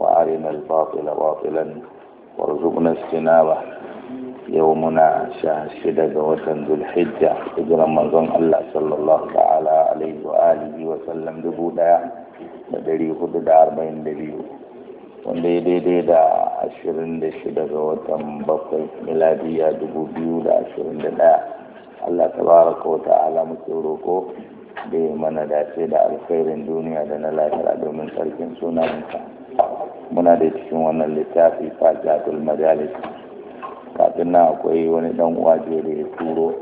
وأرنا الباطل باطلا وارزقنا اجتنابه يومنا شهد وسن ذو الحجة إجرى منظم الله صلى الله تعالى عليه وآله وسلم دبودا دري خد دار بين دريو wanda ya daidai da 26 ga watan bakwai miladiya 2021 Allah tabaraka wa ta'ala muke roko da mana dace da alkhairin duniya da na lafiya domin sarkin sunanka muna da cikin wannan littafi fajatul majalis kafin na akwai wani dan uwa jere ya turo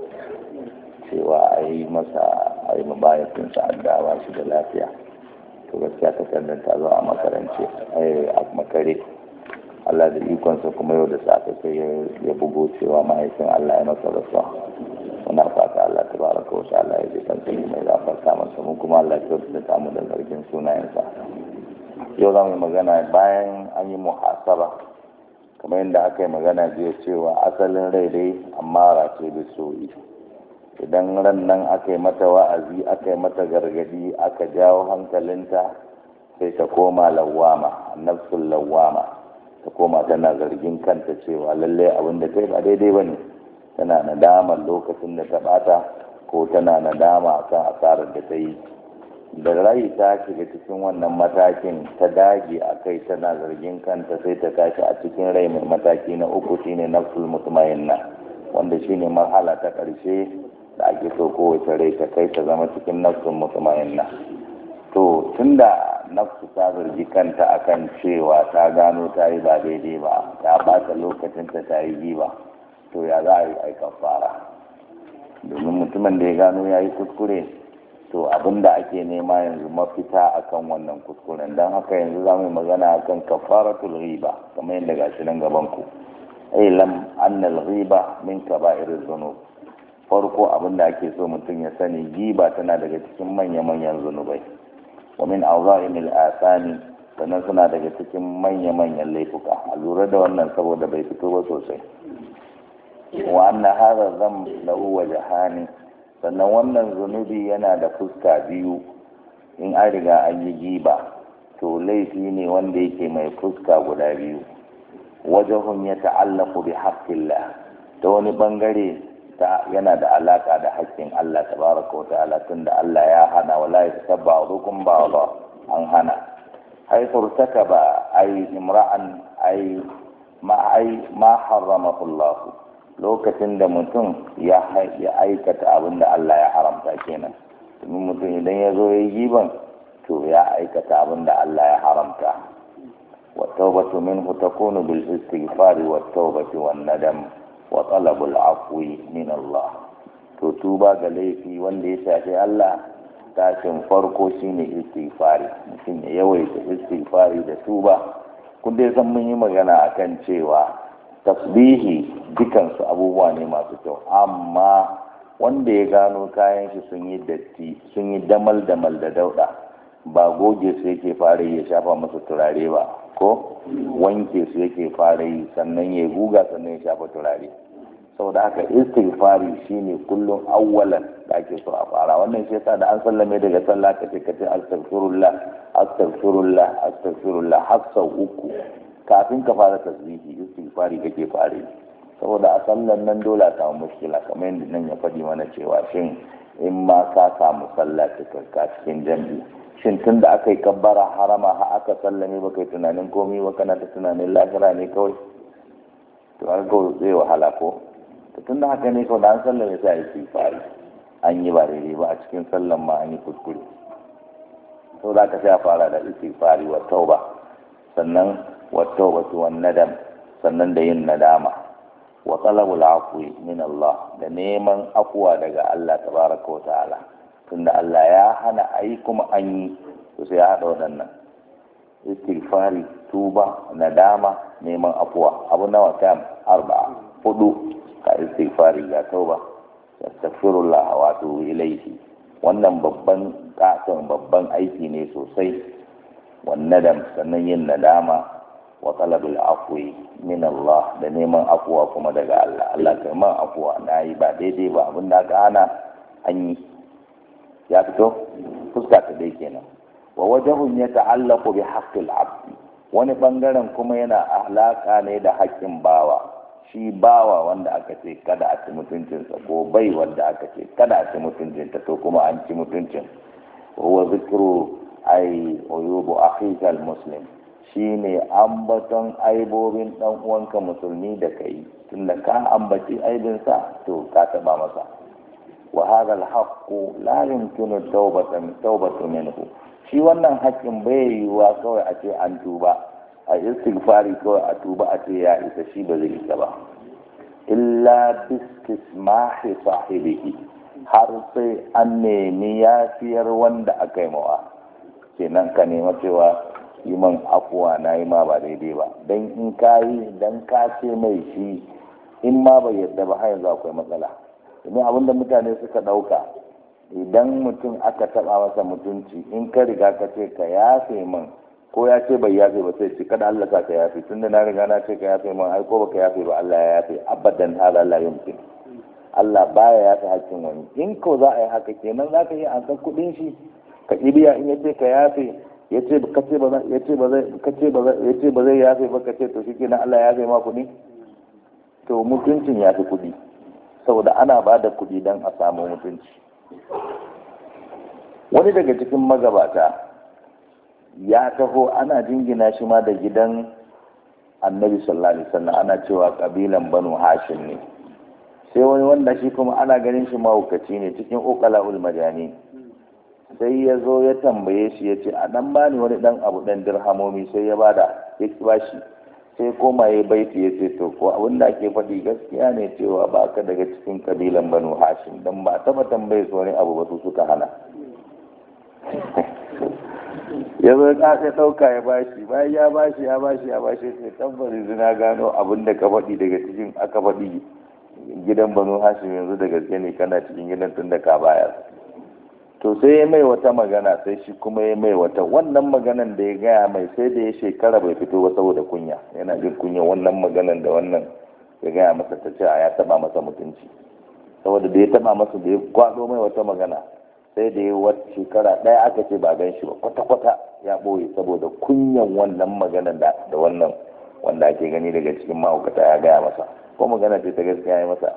cewa a yi masa a yi sa'adda addawa shi da lafiya to gaskiya takardar ta zo a makarance eh, a makare Allah da ikonsa kuma yau da safe sai ya bugo cewa mahaifin Allah ya masa rasuwa muna fata Allah ta baraka wasu Allah ya ji kan mai zafarta masa mu kuma Allah ya kyautata mu da zargin sa. yau za mu magana bayan an yi muhasaba kamar yadda aka yi magana jiya cewa asalin rai dai amma race da soyi idan ran nan aka yi mata wa'azi aka yi mata gargadi aka jawo hankalinta sai ta koma lawama annabsun lawama ta koma tana zargin kanta cewa lalle abin da ta yi ba daidai ba ne tana nadama lokacin da ta bata ko tana nadama kan asarar da ta yi da rai ta shiga cikin wannan matakin ta dage a kai tana zargin kanta sai ta tashi a cikin rai mai mataki na uku shine nafsul mutmainna wanda shine mahala ta ƙarshe da ake so kowace rai ta kai ta zama cikin nafsul mutmainna to tunda nafsu ta zargi kanta akan cewa ta gano ta yi ba daidai ba ta bata lokacin ta ta yi giba to ya za a yi aikafara domin mutumin da ya gano ya yi kuskure to abin abinda ake nema yanzu mafita akan wannan kuskuren don haka yanzu za mu yi magana akan kafaratul riba kamar yadda shi nan gaban ku ilam annal riba min irin zunub farko abin abinda ake so mutum ya sani giba tana daga cikin manya manyan zunubai wa min azaimil asani sannan suna daga cikin manya manyan laifuka a lura da wannan saboda bai fito ba sosai wa anna zan dhanb lahu wajhani sannan wannan zunubi yana da fuska biyu in an riga an yi giba to laifi ne wanda yake mai fuska guda biyu wajahun ya ta'allaku bi haqqillah ta wani bangare ta yana da alaka da haƙƙin Allah tabaraka wa ta'ala tunda Allah ya hana wala yatabba hukum Allah an hana furtaka ba ay imra'an ay ma ay ma harramahu Allah lokacin da mutum ya aikata abin da Allah ya haramta kenan domin mutum idan ya zo ya yi giban to ya aikata abin da Allah ya haramta wa taubatu minhu takunu bil istighfari wa taubati wan nadam wa talabul afwi min Allah to tuba ga laifi wanda ya shafi Allah tashin farko shine istighfari mutum ya yawaita istighfari da tuba kun dai san mun yi magana akan cewa tasbihi dukansu abubuwa ne masu kyau amma wanda ya gano kayan shi sun yi datti sun yi damal damal da dauda ba goge su yake fara ya shafa musu turare ba ko wanke su yake fara yi sannan ya guga sannan ya shafa turare saboda haka istighfari shine kullum awwalan da ake so a fara wannan shi yasa da an sallame daga sallah kace kace astaghfirullah astaghfirullah astaghfirullah har sau uku kafin ka fara tasbihi istighfari kake fare saboda a sallan nan dole a samu mushkila kamar yadda nan ya faɗi mana cewa shin in ma ka samu sallah karka cikin jam'i shin tun da aka yi kabbara harama ha aka sallame ba kai tunanin komi ba kana ta tunanin lahira ne kawai to an ko zai wahala ko to tun da haka ne ko da an sallame sai a yi istighfari an yi ba daidai ba a cikin sallan ma an yi kuskure to za ka sai a fara da istighfari wa tauba sannan wa tawbatu wan nadam sannan da yin nadama wa talabul afwi min Allah da neman afuwa daga Allah tabaraka wa ta'ala tunda Allah ya hana ai kuma an yi to sai ya hada waɗannan istighfari tuba nadama neman afuwa abu nawa kam arba'a hudu ka istighfari ya tauba astaghfirullah wa tu ilayhi wannan babban katon babban aiki ne sosai wannan sannan yin nadama wa talabul afwi min Allah da neman afuwa kuma daga Allah Allah kai man afuwa na yi ba daidai ba abin da ka ana an yi ya fito fuska ta dai kenan wa ya ta'allaqu bi haqqil abd wani bangaren kuma yana alaka ne da haƙƙin bawa shi bawa wanda aka ce kada a ci mutuncinsa ko bai wanda aka ce kada a ci mutuncinta to kuma an ci mutuncin wa zikru ay uyubu akhika muslim Shi ne ambaton aibobin dan uwanka musulmi da kai tunda ka ambaci aibinsa to ka taba masa wa hadha al-haqq la yumkinu tawbatan tawbatu shi wannan haƙƙin bai yiwuwa kawai a ce an tuba a istighfari kawai a tuba a ce ya isa shi ba zai isa ba illa bistismahi sahibihi har sai an nemi yafiyar wanda aka yi mawa kenan ka nema cewa yi man afuwa na yi ma ba daidai ba don in ka yi don ka ce mai shi in ma bai yarda ba har yanzu akwai matsala domin abin da mutane suka ɗauka idan mutum aka taɓa masa mutunci in ka riga ka ce ka yafe min ko ya ce bai yafe ba sai ce kada Allah sa ka yafe tun da na riga na ce ka yafe min ai ko ba ka yafe ba Allah ya yafe abadan hada Allah mutum, Allah baya yafe hakkin wani in ko za a yi haka kenan za ka yi an san kuɗin shi ka ibiya in ya ce ka yafe ya ce ba zai yafe ba ka to shi na Allah ya zai ma kuɗi to mutuncin ya fi kuɗi saboda ana ba da kuɗi don a samu mutunci wani daga cikin magabata ya taho ana jingina shi ma da gidan annabi sallallahu alaihi ana cewa kabilan banu hashim ne sai wani wanda shi kuma ana ganin shi mahaukaci ne cikin ukala ulmajani sai ya zo ya tambaye shi ya ce a dan bani wani dan abu dan dirhamomi sai ya bada ya bashi sai koma ya baiti ya ce to ko abin da ake faɗi gaskiya ne cewa ba ka daga cikin kabilan banu hashim dan ba taba tambaye su wani abu ba su suka hana ya zo ya sai ɗauka ya bashi bayan ya bashi ya bashi ya bashi sai tabbari zina gano abin da ka faɗi daga cikin aka faɗi gidan banu hashim yanzu da gaske ne kana cikin gidan tun da ka bayar to sai ya mai wata magana sai shi kuma ya mai wata wannan maganan da ya gaya mai sai da ya shekara bai fito ba saboda kunya yana jin kunya wannan maganan da wannan ya gaya masa ta ce a ya taba masa mutunci saboda da ya taba masa da ya kwado mai wata magana sai da ya wata shekara ɗaya aka ce ba gan shi ba kwata-kwata ya ɓoye saboda kunyan wannan maganan da wannan wanda ake gani daga cikin mahaukata ya gaya masa ko magana ce ta gaskiya ya masa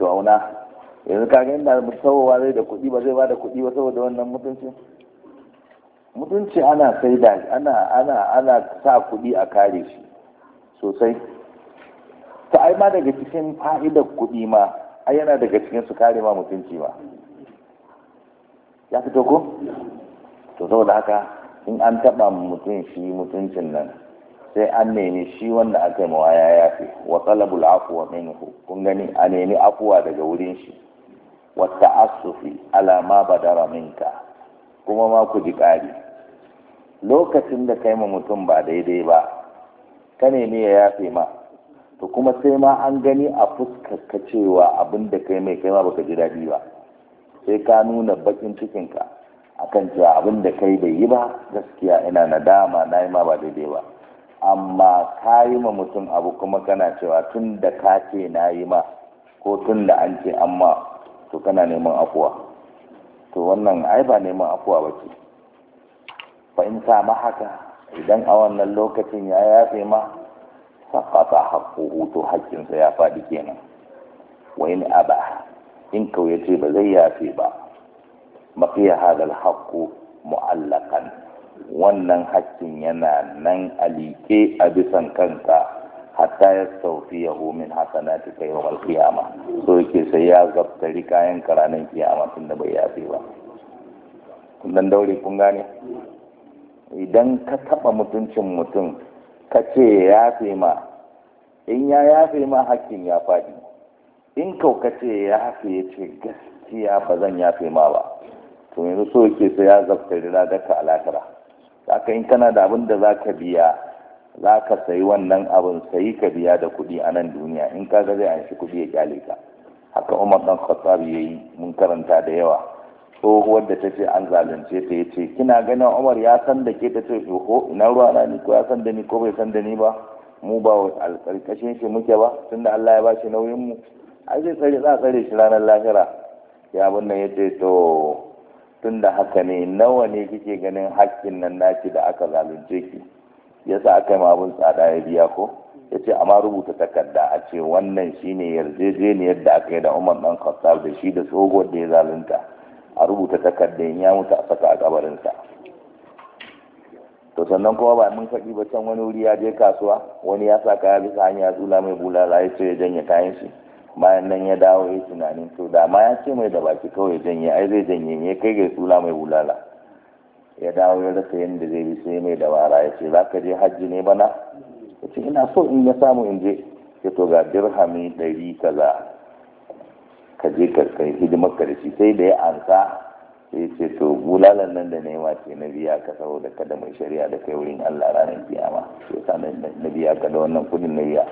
to auna yanzu kaga inda musawowa zai da kuɗi ba zai ba da kuɗi ba saboda wannan mutuncin mutunci ana sai da ana ana ana sa kuɗi a kare shi sosai ta ai ma daga cikin fa'idar kuɗi ma ai yana daga cikin su kare ma mutunci ma ya fito ko to saboda haka in an taɓa mutum shi mutuncin nan sai an nemi shi wanda aka yi mawaya ya fi wa talabul afuwa minhu kun gani a nemi afuwa daga wurin shi Wata asufi alama ba da raminka kuma ma ku ji ƙari lokacin da kai ma mutum ba daidai ba ka nemi ya yafe ma to kuma sai ma an gani a fuskar ka cewa abin da kai mai kai ma baka ji daɗi ba sai ka nuna bakin cikinka akan cewa abin da kai bai yi ba gaskiya ina nadama na yi ma ba daidai ba amma ka yi ma mutum abu kuma kana cewa tun da ka ce na yi ma ko tun da an ce amma to kana neman afuwa to wannan ai ba neman afuwa ba ce fa in ma haka idan a wannan lokacin ya yafe ma sakata haƙƙo to haƙƙinsa ya faɗi kenan wa in aba in kauye ce ba zai yafe ba mafiya hadal haƙƙu mu'allakan wannan haƙƙin yana nan a liƙe a bisan kanka hatta ya sauti ya homin hasana ta kai wa alkiyama so yake sai ya zaftari kayan karanin kiyama tun da bai yafe ba kun dan daure kun gane idan ka taba mutuncin mutum ka ce ya fi ma in ya yafe ma hakkin ya faɗi in kau ka ce ya fi ya ce gaskiya ba zan yafe ma ba to yanzu so yake sai ya zaftari ragar ka alakara haka in kana da abin da za ka biya za ka sayi wannan abin sayi ka biya da kuɗi a nan duniya in ka ga zai anshi kuɗi ya kyale ka haka umar dan khattab yi mun karanta da yawa tsohuwar da ta ce an zalunce ta ya ce kina ganin umar ya san da ke ta ce oho ina ruwa na ni ko ya san da ni ko bai san da ni ba mu ba alƙarƙashin shi muke ba tunda Allah ya bashi nauyin mu ai zai tsare za a tsare shi ranar lahira ya abin nan ya ce to tunda haka ne nawa ne kike ganin hakkin nan naki da aka zalunce ki ya yasa aka yi abun tsada ya biya ko ya ce amma rubuta takarda a ce wannan shine yarjejeniyar da aka yi da umar dan khattab da shi da tsohuwar da ya zalunta a rubuta takardar ya mutu a saka a kabarinsa to sannan kuma ba mun faɗi ba can wani wuri ya je kasuwa wani ya sa kaya bisa hanya ya tsula mai bulala ya ce ya janye kayan shi bayan nan ya dawo ya tunanin to da ma ya ce mai da baki kawai janye ai zai janye ne kai ga tsula mai bulala ya dawo ya rasa yadda zai bi sai mai dabara ya ce za ka je hajji ne bana ya ce ina so in ya samu in je ya to ga dirhami ɗari kaza ka je ka hidimar ka da shi sai da ya ansa sai ya ce to bulalan nan da nema ce na biya ka saboda kada mai shari'a da kai wurin Allah ranar kiyama sai sa na biya ka da wannan kudin na biya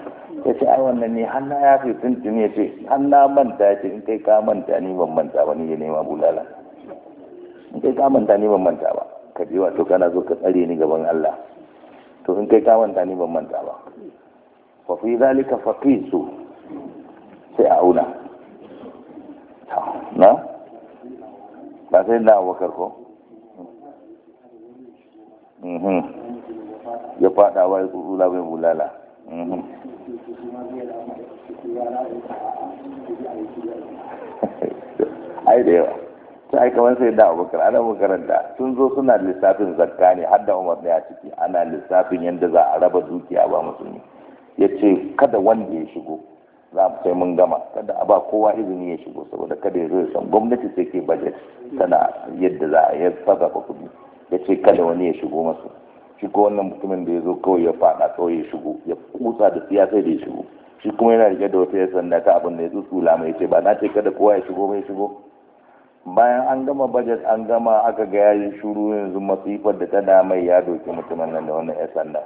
ya ce ai wannan ne na ya fi tuntun ya ce na manta ya ce in kai ka manta ni ban manta ba ni ya nema bulalan in kai ka manta ni ban manta ba ka je wato kana zo ka tsare ni gaban Allah to in kai ka manta ni ban manta ba fa fi zalika faqisu sai a auna na ba sai na wakar ko mhm. ya fada wa ya kula bai bulala mhm. ai dai sai wani sai da abokan ana makaranta sun zo suna lissafin zakka ne har da umar ne a ciki ana lissafin yadda za a raba dukiya ba musulmi ya ce kada wanda ya shigo za mu sai mun gama kada a ba kowa izini ya shigo saboda kada ya zo ya san gwamnati sai ke budget tana yadda za a yi sarrafa kuɗi ya ce kada wani ya shigo masu shi ko wannan mutumin da ya zo kawai ya faɗa kawai ya shigo ya kusa da siyasa da ya shigo shi kuma yana rike da wata ya sanda ta abin da ya tsutsula mai ce ba na ce kada kowa ya shigo mai shigo bayan an gama budget an gama aka ga yayi shuru yanzu masifar da ta damai ya doki mutumin nan da wannan ya sanda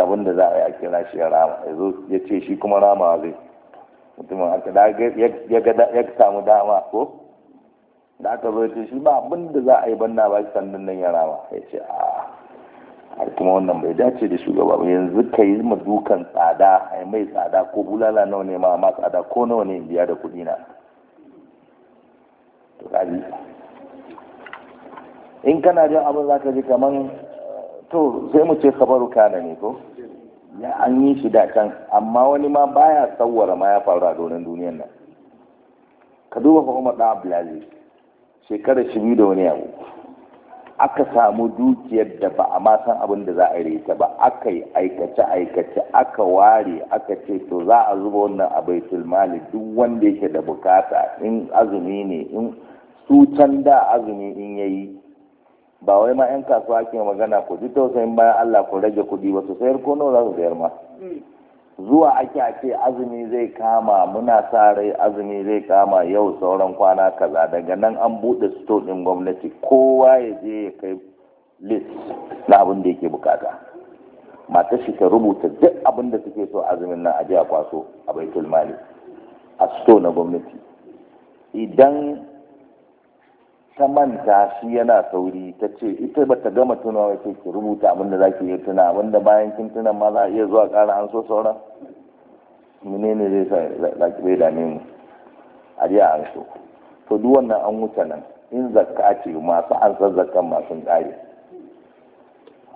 abin da za a yi a kira shi ya rama ya ya ce shi kuma rama zai mutumin aka da ya samu dama ko da aka zo ce shi ba abin da za a yi banna ba shi sandan nan ya rama ya ce a har kuma wannan bai dace da shugaba ba yanzu ka yi ma dukan tsada a mai tsada ko bulala nawa ne ma ma tsada ko nawa ne biya da kuɗi na in kana jin abin za ka ji kaman to sai mu ce khabaru kana ne ko ya an yi shi da can amma wani ma baya tsawara ma ya faru a donin duniyan nan ka duba fa Umar da Abdulaziz shekarar shi da wani abu aka samu dukiyar da ba a ma san abin da za a yi ta ba aka yi aikace aikace aka ware aka ce to za a zuba wannan a baitul mali duk wanda yake da bukata in azumi ne in su da azumi in yayi ba wai ma 'yan kasuwa ke magana ku ji tausayin bayan Allah ku rage kuɗi ba su sayar ko nawa za su sayar ma mm. zuwa ake ake azumi zai kama muna sa rai azumi zai kama yau sauran kwana kaza daga nan an buɗe sto ɗin gwamnati kowa ya je ya kai list na abin da yake bukata mata shi ta rubuta duk abin da suke so azumin nan a je a kwaso a baitul mali a sto na gwamnati idan ta manta shi yana sauri ta ce ita bata gama tunawa ce ki rubuta abin da zaki iya tuna wanda bayan kin tuna ma za a iya zuwa kara an so sauran ne zai sa zaki bai dame mu a jiya an so to duk wannan an wuce nan in zakka ce masu an san zakkan masu a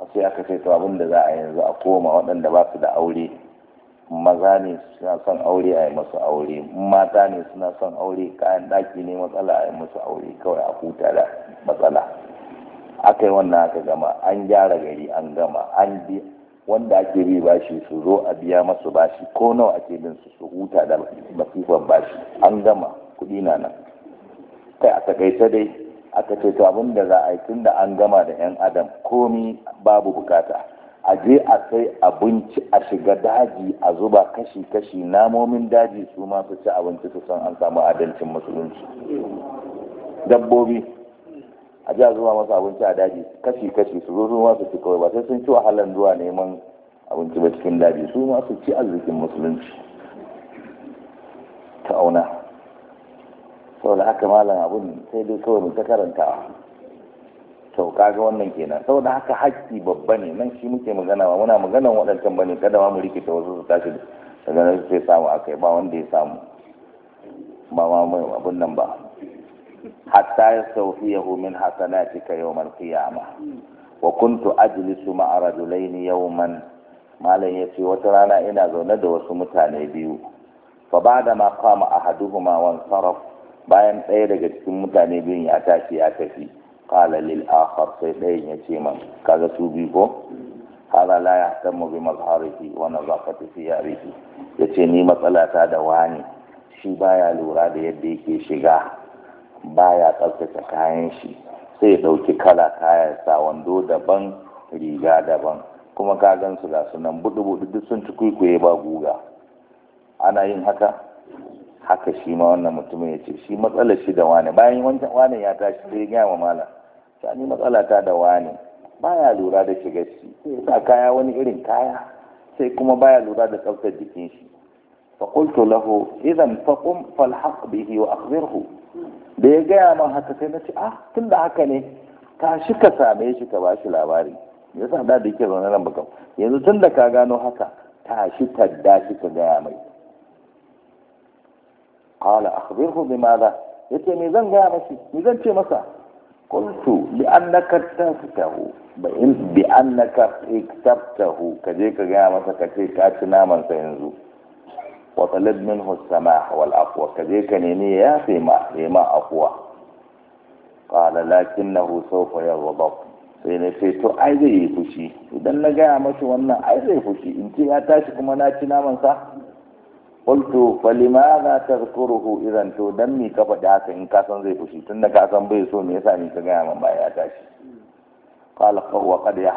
sai aka ce to abin da za a yanzu a koma waɗanda ba su da aure maza ne suna son aure a yi masu aure mata ne suna son aure kayan ɗaki ne matsala a yi masu aure kawai a huta da matsala aka yi wannan aka gama an gyara gari an gama an bi wanda ake bi bashi su zo a biya masu bashi ko nawa ake bin su su huta da masifan bashi an gama kuɗi na nan kai a takaice dai aka ce to abin za a yi tun da an gama da 'yan adam komi babu bukata a je a sai abinci a shiga daji a zuba kashi-kashi namomin daji su ma su ci abinci su san an samu adalcin musulunci dabbobi a ji a zuba masu abinci a daji kashi-kashi su zo su ma su ci kawai ba sai sun ci wahalan zuwa neman abinci ba cikin daji su ma su ci arzikin musulunci ta auna saboda haka malam abin sai dai kawai mu ta karantawa to kaga wannan kenan saboda haka haƙƙi babba ne nan shi muke magana ba muna maganan waɗancan bane kada ma mu rikita wasu su tashi daga nan sai samu akai ba wanda ya samu ba ma mai abun nan ba hatta yastawfiyahu min hasanatika yawmal qiyamah wa kuntu ajlisu ma'a rajulain yawman malam yace wata rana ina zaune da wasu mutane biyu fa ba'da ma qama ahaduhuma wan saraf bayan ɗaya daga cikin mutane biyun ya tashi ya tafi qala lil akhar sai ɗayan ya ce man kaga su biyu ko hala la mu bi mazharihi wa nazafati Ya yace ni matsala ta da wani shi baya lura da yadda yake shiga baya tsaftace kayan shi sai ya dauki kala kayan sa wando daban riga daban kuma ka gan su ga sunan budu budu duk sun ci kuikuye ba guga ana yin haka haka shi ma wannan mutumin ya ce shi matsalar shi da wane bayan wancan wane ya tashi sai ya gaya wa malam sani matsala ta da wane baya lura da shiga shi sai sa kaya wani irin kaya sai kuma baya lura da tsaftar jikin shi fa qultu lahu idan fa qum falhaq bihi wa akhbirhu da ya gaya ma haka sai na ce ah tunda haka ne tashi ka same shi ka bashi labari yasa da da yake zaune nan baka yanzu tunda ka gano haka tashi tadda shi ka gaya mai qala akhbirhu bimadha yace me zan gaya mashi me zan ce masa qultu li annaka taftahu ba in bi annaka iktabtahu kaje ka gaya masa ka ce ka ci naman sa yanzu wa talab minhu samah wal afwa kaje ka nemi ya sai ma ya ma afwa qala lakinnahu sawfa yaghdab sai na sai to ai zai yi fushi idan na gaya masa wannan ai zai fushi in ce ya tashi kuma na ci naman sa qultu falimada tadhkuruhu irin to dan mi ka haka in ka san zai fushi tunda ka san bai so me yasa ni ka gaya min ba ya tashi qala a qad a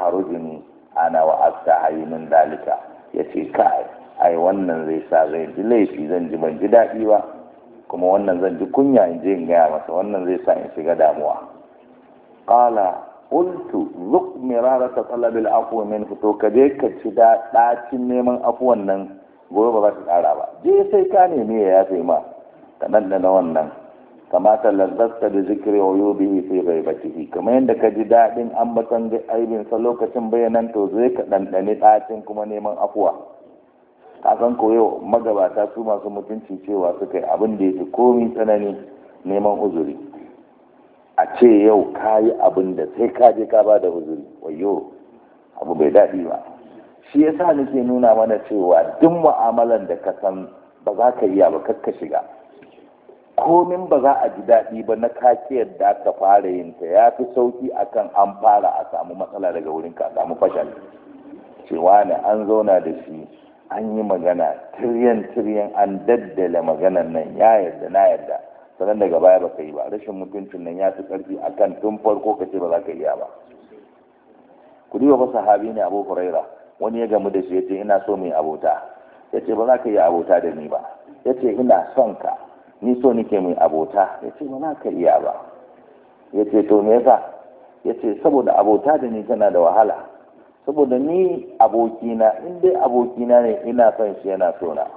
ana wa astahi min dalika yace kai ai wannan zai sa zai ji laifi zan ji ban ji daɗi ba kuma wannan zan ji kunya in je in gaya masa wannan zai sa in shiga damuwa qala qultu zuq mirarata talabil afwi min fito, ka je ka ci da ɗacin neman afuwan nan gobe ba za ta tsara ba je sai ka neme ya yafe ma ka na wannan kamata lazzarta da zikirin wayo bihi fi ghaibatihi kamar yadda ka ji daɗin ambaton aibin sa lokacin bayanan to zai ka ɗanɗani ɗacin kuma neman afuwa ka san koyo magabata su masu mutunci cewa suka yi abin da fi komi tsanani neman uzuri a ce yau ka yi abin da sai ka je ka ba da uzuri wayo abu bai daɗi ba shi yasa nake nuna mana cewa duk mu'amalan da ka san ba za ka iya ba ka shiga komin ba za a ji daɗi ba na kaki yadda aka fara yin ta ya fi sauki akan an fara a samu matsala daga wurin ka samu fashal cewa ne an zauna da shi an yi magana tiryan tiryan an daddala maganan nan ya yarda na yarda sannan daga baya ba ka yi ba rashin mutuncin nan ya fi ƙarfi akan tun farko ka ce ba za ka iya ba ku duba ba sahabi ne abu huraira wani ya gamu da shi ya ce ina so mai abota ya ce ba za ka yi abota da ni ba ya ce ina son ka ni so nike mai abota ya ce ba za ka iya ba ya ce to me yasa ya ce saboda abota da ni tana da wahala saboda ni abokina in dai abokina ne ina son shi yana so na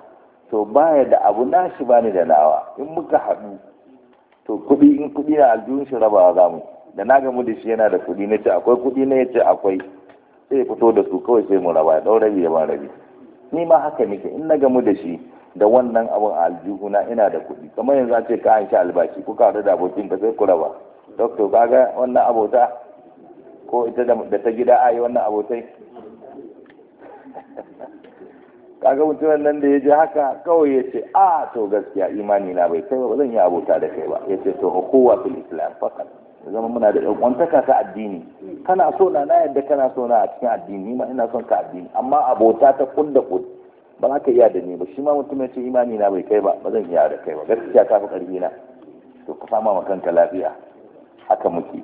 to baya da abu na shi bani da nawa in muka haɗu to kuɗi in kuɗi na aljihun shi rabawa zamu da na gamu da shi yana da kuɗi na ce akwai kuɗi na ya ce akwai sai fito da su kawai sai mu raba ɗau rabi ya ba rabi ni ma haka nake in na gamu da shi da wannan abin a aljihuna ina da kuɗi kamar yanzu a ce ka an sha albashi ko ka da abokin ka sai ku raba doctor ga wannan abota ko ita da ta gida a yi wannan abotai kaga mutumin nan da ya ji haka kawai ya ce a ah, to gaskiya imani na bai kai ba zan yi abota da kai ba ya ce to hukuwa fil islam fakat zama muna da ɗaukwantaka ta addini mm. kana so na na yadda kana so na a cikin addini ma ina son ka addini amma abota ta kun da kun ba za ka iya da ni ba shi ma mutum ya ce imani na bai kai ba ba zan iya da kai ba gaskiya ka fi ƙarfi na to ka fama ma kanka lafiya haka muke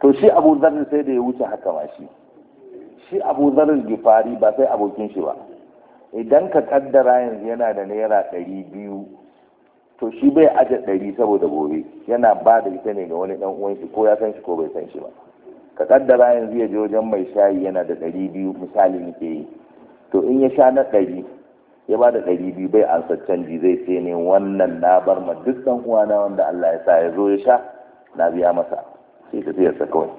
to shi abu zarin sai da ya wuce haka ma shi shi abu zarin gifari ba sai abokin shi ba idan ka kaddara yanzu yana da naira ɗari biyu to shi bai aje ɗari saboda gobe yana ba da ita ne ga wani ɗan uwan shi ko ya san shi ko bai san shi ba ka kaddara yanzu ya je wajen mai shayi yana da ɗari biyu misali nake yi to in ya sha na ɗari ya ba da ɗari biyu bai ansa canji zai ce ne wannan na bar ma duk ɗan uwana wanda Allah ya sa ya zo ya sha na biya masa sai tafiyarsa kawai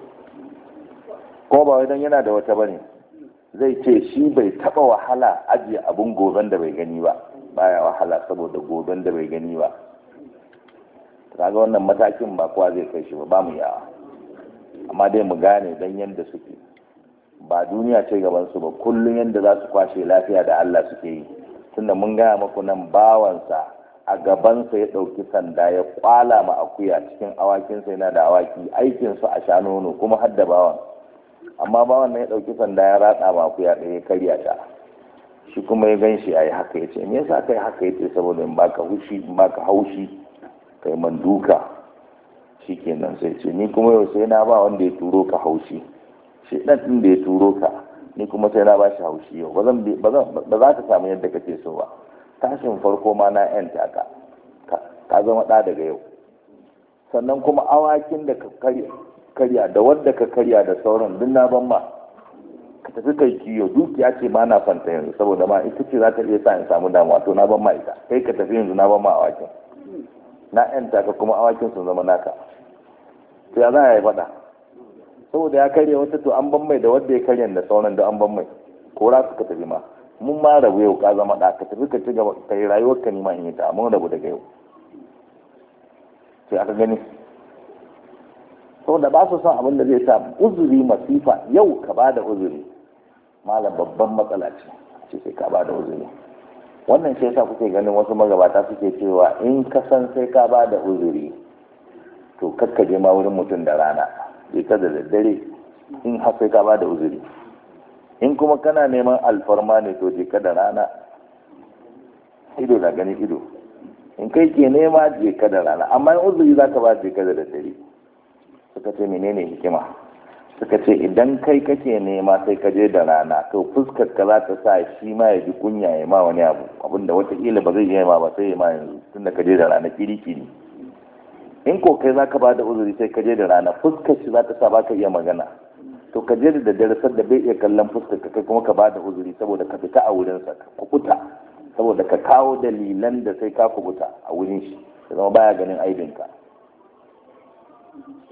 ko ba wai dan yana da wata bane zai ce shi bai taɓa wahala ajiye abun goben da bai gani ba baya wahala saboda goben da bai gani ba kaga wannan matakin ba kowa zai kai shi ba ba mu yawa amma dai mu gane dan yanda suke ba duniya ce gaban su ba kullum yanda za su kwashe lafiya da Allah suke yi tunda mun gaya maku nan bawansa a gabansa ya ɗauki sanda ya kwala ma akuya cikin awakinsa yana da awaki aikin su a shanono kuma har da bawan amma bawan ne ya ɗauki sanda ya ratsa ma akuya ɗaya ya karya ta shi kuma ya gan shi a yi haka ya ce me yasa kai haka ya ce saboda in baka haushi in baka haushi kai man duka shi kenan sai ce ni kuma yau sai na ba wanda ya turo ka haushi shi dan din da ya turo ka ni kuma sai na ba shi haushi yau ba za ka samu yadda kake so ba tashin farko ma na yanta ka ka zama ɗa daga yau sannan kuma awakin da ka karya da wanda ka karya da sauran duk na ban ma ka tafi kai kiyo dukiya ce ba na fanta yanzu saboda ma ita ce za ta iya sa in samu damuwa to na ban ma ita kai ka tafi yanzu na ban ma awakin na yanta ka kuma awakin sun zama naka to ya za a yi faɗa saboda ya karya wata to an ban mai da wanda ya karyan da sauran da an ban mai za su ka tafi ma mun ma rabu yau ka zama ɗa ka tafi ka ci gaba ka yi rayuwar ka nima in yi ta mun rabu daga yau sai aka gani saboda ba su son abin da zai sa uzuri masifa yau ka ba da uzuri malam babban matsala ce ce sai ka bada uzuri wannan shi yasa kuke ganin wasu magabata suke cewa in ka san sai ka bada uzuri to kakka je ma wurin mutum da rana je ka da daddare in har sai ka bada uzuri in kuma kana neman alfarma ne to je ka da rana ido na ganin ido in kai ke nema je ka da rana amma in uzuri za ka ba je ka da daddare suka ce menene hikima suka ce idan kai kake nema sai kaje da rana to fuskar ka za ta sa shi ma ya ji kunya ya ma wani abu abinda wataƙila ba zai yi ma ba sai ya ma yanzu tunda kaje da rana kiri-kiri in ko kai za ka ba da uzuri sai kaje da rana fuskar shi za ta sa ba ka iya magana to kaje je da darasar da bai iya kallon fuskar ka kai kuma ka ba da uzuri saboda ka fita a wurinsa ka kubuta saboda ka kawo dalilan da sai ka kubuta a wurin shi zama baya ganin aibinka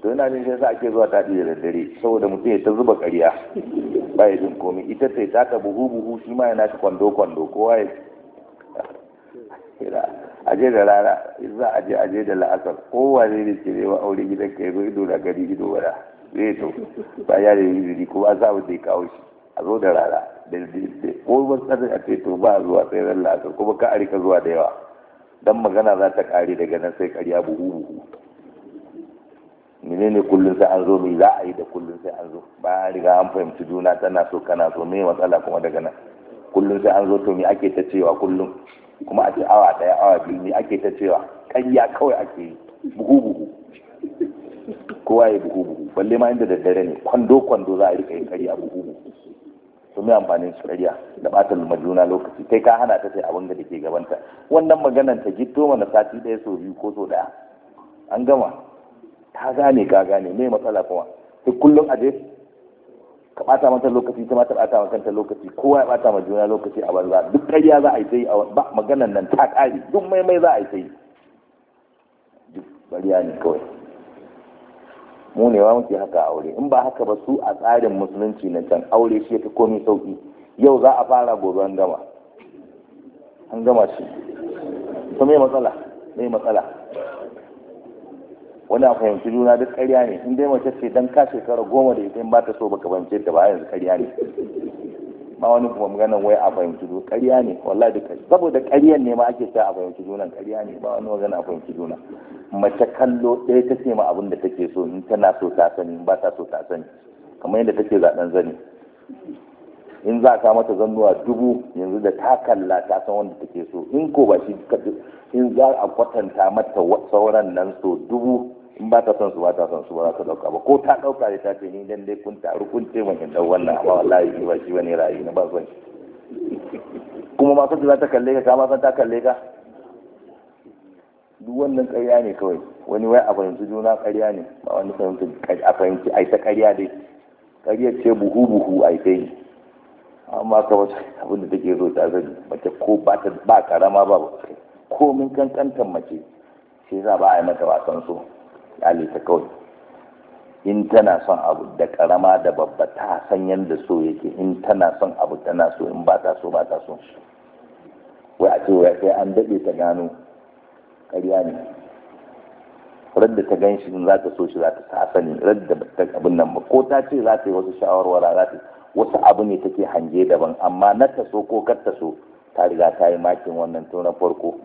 to yana jin shi ake zuwa ta ɗiye da daddare saboda mutum ya ta zuba ƙarya ba ya jin komai ita ta ta ta buhu buhu shi ma yana ta kwando kwando kowa ya aje da rara za a je aje da la'asar kowa ne da ke zai aure gidan ka ya zo ido da gari ido wada zai to ba ya da yi ko ba za wanda ya kawo shi a zo da rara da ko ba tsarin a ce to ba zuwa sai ran la'asar kuma ka arika zuwa da yawa dan magana za ta kare daga nan sai karya buhu buhu menene kullum sai an zo me za a yi da kullun sai an zo ba riga an fahimci juna tana so kana so me matsala kuma daga nan kullum sai an zo to me ake ta cewa kullum kuma a ce awa daya awa biyu me ake ta cewa kanya kawai ake yi buhu buhu kowa ya buhu buhu balle ma inda daddare ne kwando kwando za a rika yin kari a buhu buhu to me amfanin shari'a da batar juna lokaci kai ka hana ta sai abin da ke gabanta wannan maganan ta gito mana sati daya sau biyu ko sau daya an gama ta gane ka gane me matsala kuma sai kullum a je ka bata mata lokaci ta mata bata ma kanta lokaci kowa ya bata ma juna lokaci a banza duk ƙarya za a yi sai ba maganan nan ta ƙari duk maimai za a yi sai duk bariya ne kawai mu ne wa muke haka aure in ba haka ba su a tsarin musulunci na can aure shi fi komi sauki yau za a fara gobe an gama an gama shi to matsala me matsala wani a fahimci juna duk ƙarya ne in dai mace ce dan ka shekara goma da ita in ba ta so baka fahimce ta ba yanzu ƙarya ne ba wani kuma maganar wai a fahimci juna ƙarya ne wallahi duk saboda ƙaryan ne ma ake sa a fahimci juna ƙarya ne ba wani magana a fahimci juna mace kallo ɗaya ta ce ma abin da take so in tana so ta sani in ba ta so ta sani kamar yadda take zaɓen zani in za ka mata zannuwa dubu yanzu da ta kalla ta san wanda take so in ko ba shi in za a kwatanta mata sauran nan so dubu in ba ta son su ba ta son su ba za ta dauka ba ko ta dauka da ta ce ni dan dai kun taru kun ce ban dan wannan amma wallahi shi ba shi bane ra'ayi na ba son kuma ma kun za ta kalle ka kama san ta kalle ka duk wannan ƙarya ne kawai wani wai a fahimci juna ƙarya ne ba wani fahimci a fahimci ai ta ƙarya dai ƙarya ce buhu buhu ai yi yi amma ka wata abin da take zo ta zai, mace ko ba ta ba karama ba ko mun kankantar mace shi za ba a yi mata wasan so kyale ta kawai in tana son abu da karama da babba ta san yadda so yake in tana son abu tana so in ba ta so ba ta so wai a ce sai an daɗe ta gano ƙarya ne radda ta gan shi za ta so shi za ta ta sani radda ta abin nan ba ko ta ce za ta yi wasu shawarwara za ta wasu abu ne take hange daban amma na ta so ko kar ta so ta riga ta yi makin wannan tun na farko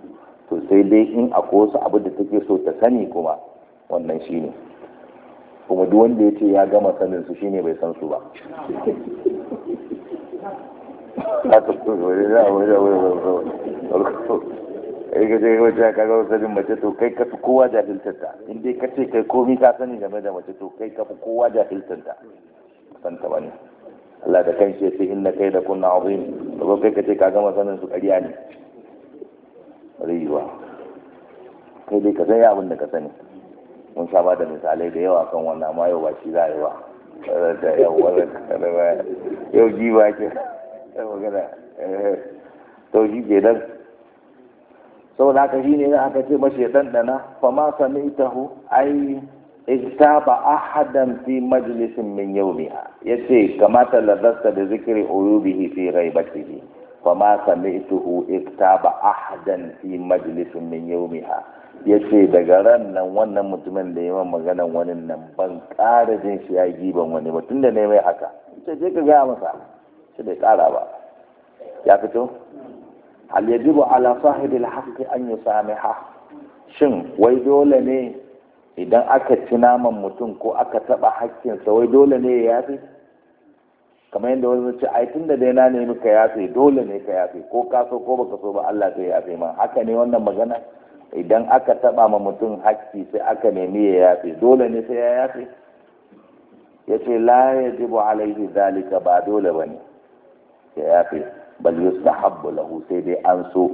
to sai dai in akwai wasu abu da take so ta sani kuma wannan shi ne kuma duk wanda ya ce ya gama sanin su shine bai san su ba ai ka je wajen ka ga sanin mace to kai ka fi kowa jahiltar ta in dai ka ce kai komi ka sani game da mace to kai ka fi kowa jahiltar ta san ta bane Allah da kanshi ya ce inna kai da kunna azim to ba kai ka ce ka gama sanin su ƙarya ne rayuwa kai dai ka san abin da ka sani mun sha ba da misalai da yawa kan wannan ma yau ba shi za a yi ba da yau wani kare ba yau ji ba ke da magana eh, to shi ke Sau da aka shi ne na aka ce mashi dan dana fa ma sami'ta hu ai istaba ahadan fi majlisin min yau Ya ce kamata ladasta da zikiri zikri uyubihi fi ghaibatihi fa ma sami'tuhu istaba ahadan fi majlisin min yau yawmiha ya ce daga ran nan wannan mutumin da ya maganan wani nan ban ƙara jin shi ya giban wani ba tun da ne mai haka ce je ka gaya masa shi bai ƙara ba ya fito hal yajibu ala sahibil haqqi an yi sami ha? shin wai dole ne idan aka ci naman mutum ko aka taɓa hakkinsa wai dole ne ya yafe kamar yadda wani ce ai tun da dai na nemi ka yafe dole ne ka yafe ko ka ko baka so ba Allah zai yafe ma haka ne wannan magana idan aka taba ma mutum haƙƙi sai aka nemi ya yafe dole ne sai ya yafe ya ce la yajibu alaihi zalika ba dole ba ne. ya yafe bal habbu lahu sai dai an so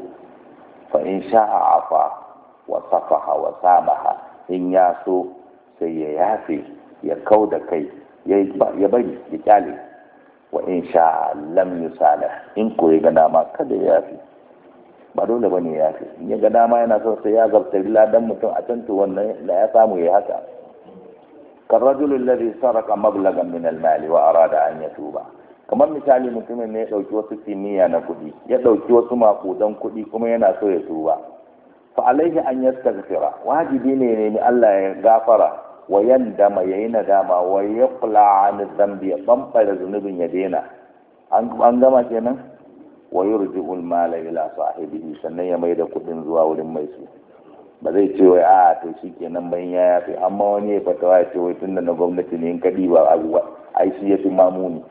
fa in sha'a afa wa safaha wa samaha in ya so sai ya yafe ya kau da kai ya bari ya kyale wa in sha'a lam yusalih in ko ya ga kada ya yafe ba dole bane ya fi in ya ga dama yana son sai ya zabtari ladan mutum a can wannan da ya samu ya haka kan rajulun ladhi saraka mablagan min al-mali wa arada an yatuba kamar misali mutumin ne ya dauki wasu kimiyya na kuɗi ya ɗauki wasu makudan kuɗi kuma yana so ya tuba fa alaihi an yastaghfira wajibi ne ne ni Allah ya gafara wa yandama yayi nadama wa yaqla an dhanbi ya bambara zunubin ya daina an gama kenan wa yurji'ul mala ila sahibihi sannan ya maida kudin zuwa wurin mai su ba zai ce wai a to shikenan ban ya yafi amma wani ya fata ya ce wai tunda na gwamnati ne in ka ba ai shi yafi mamuni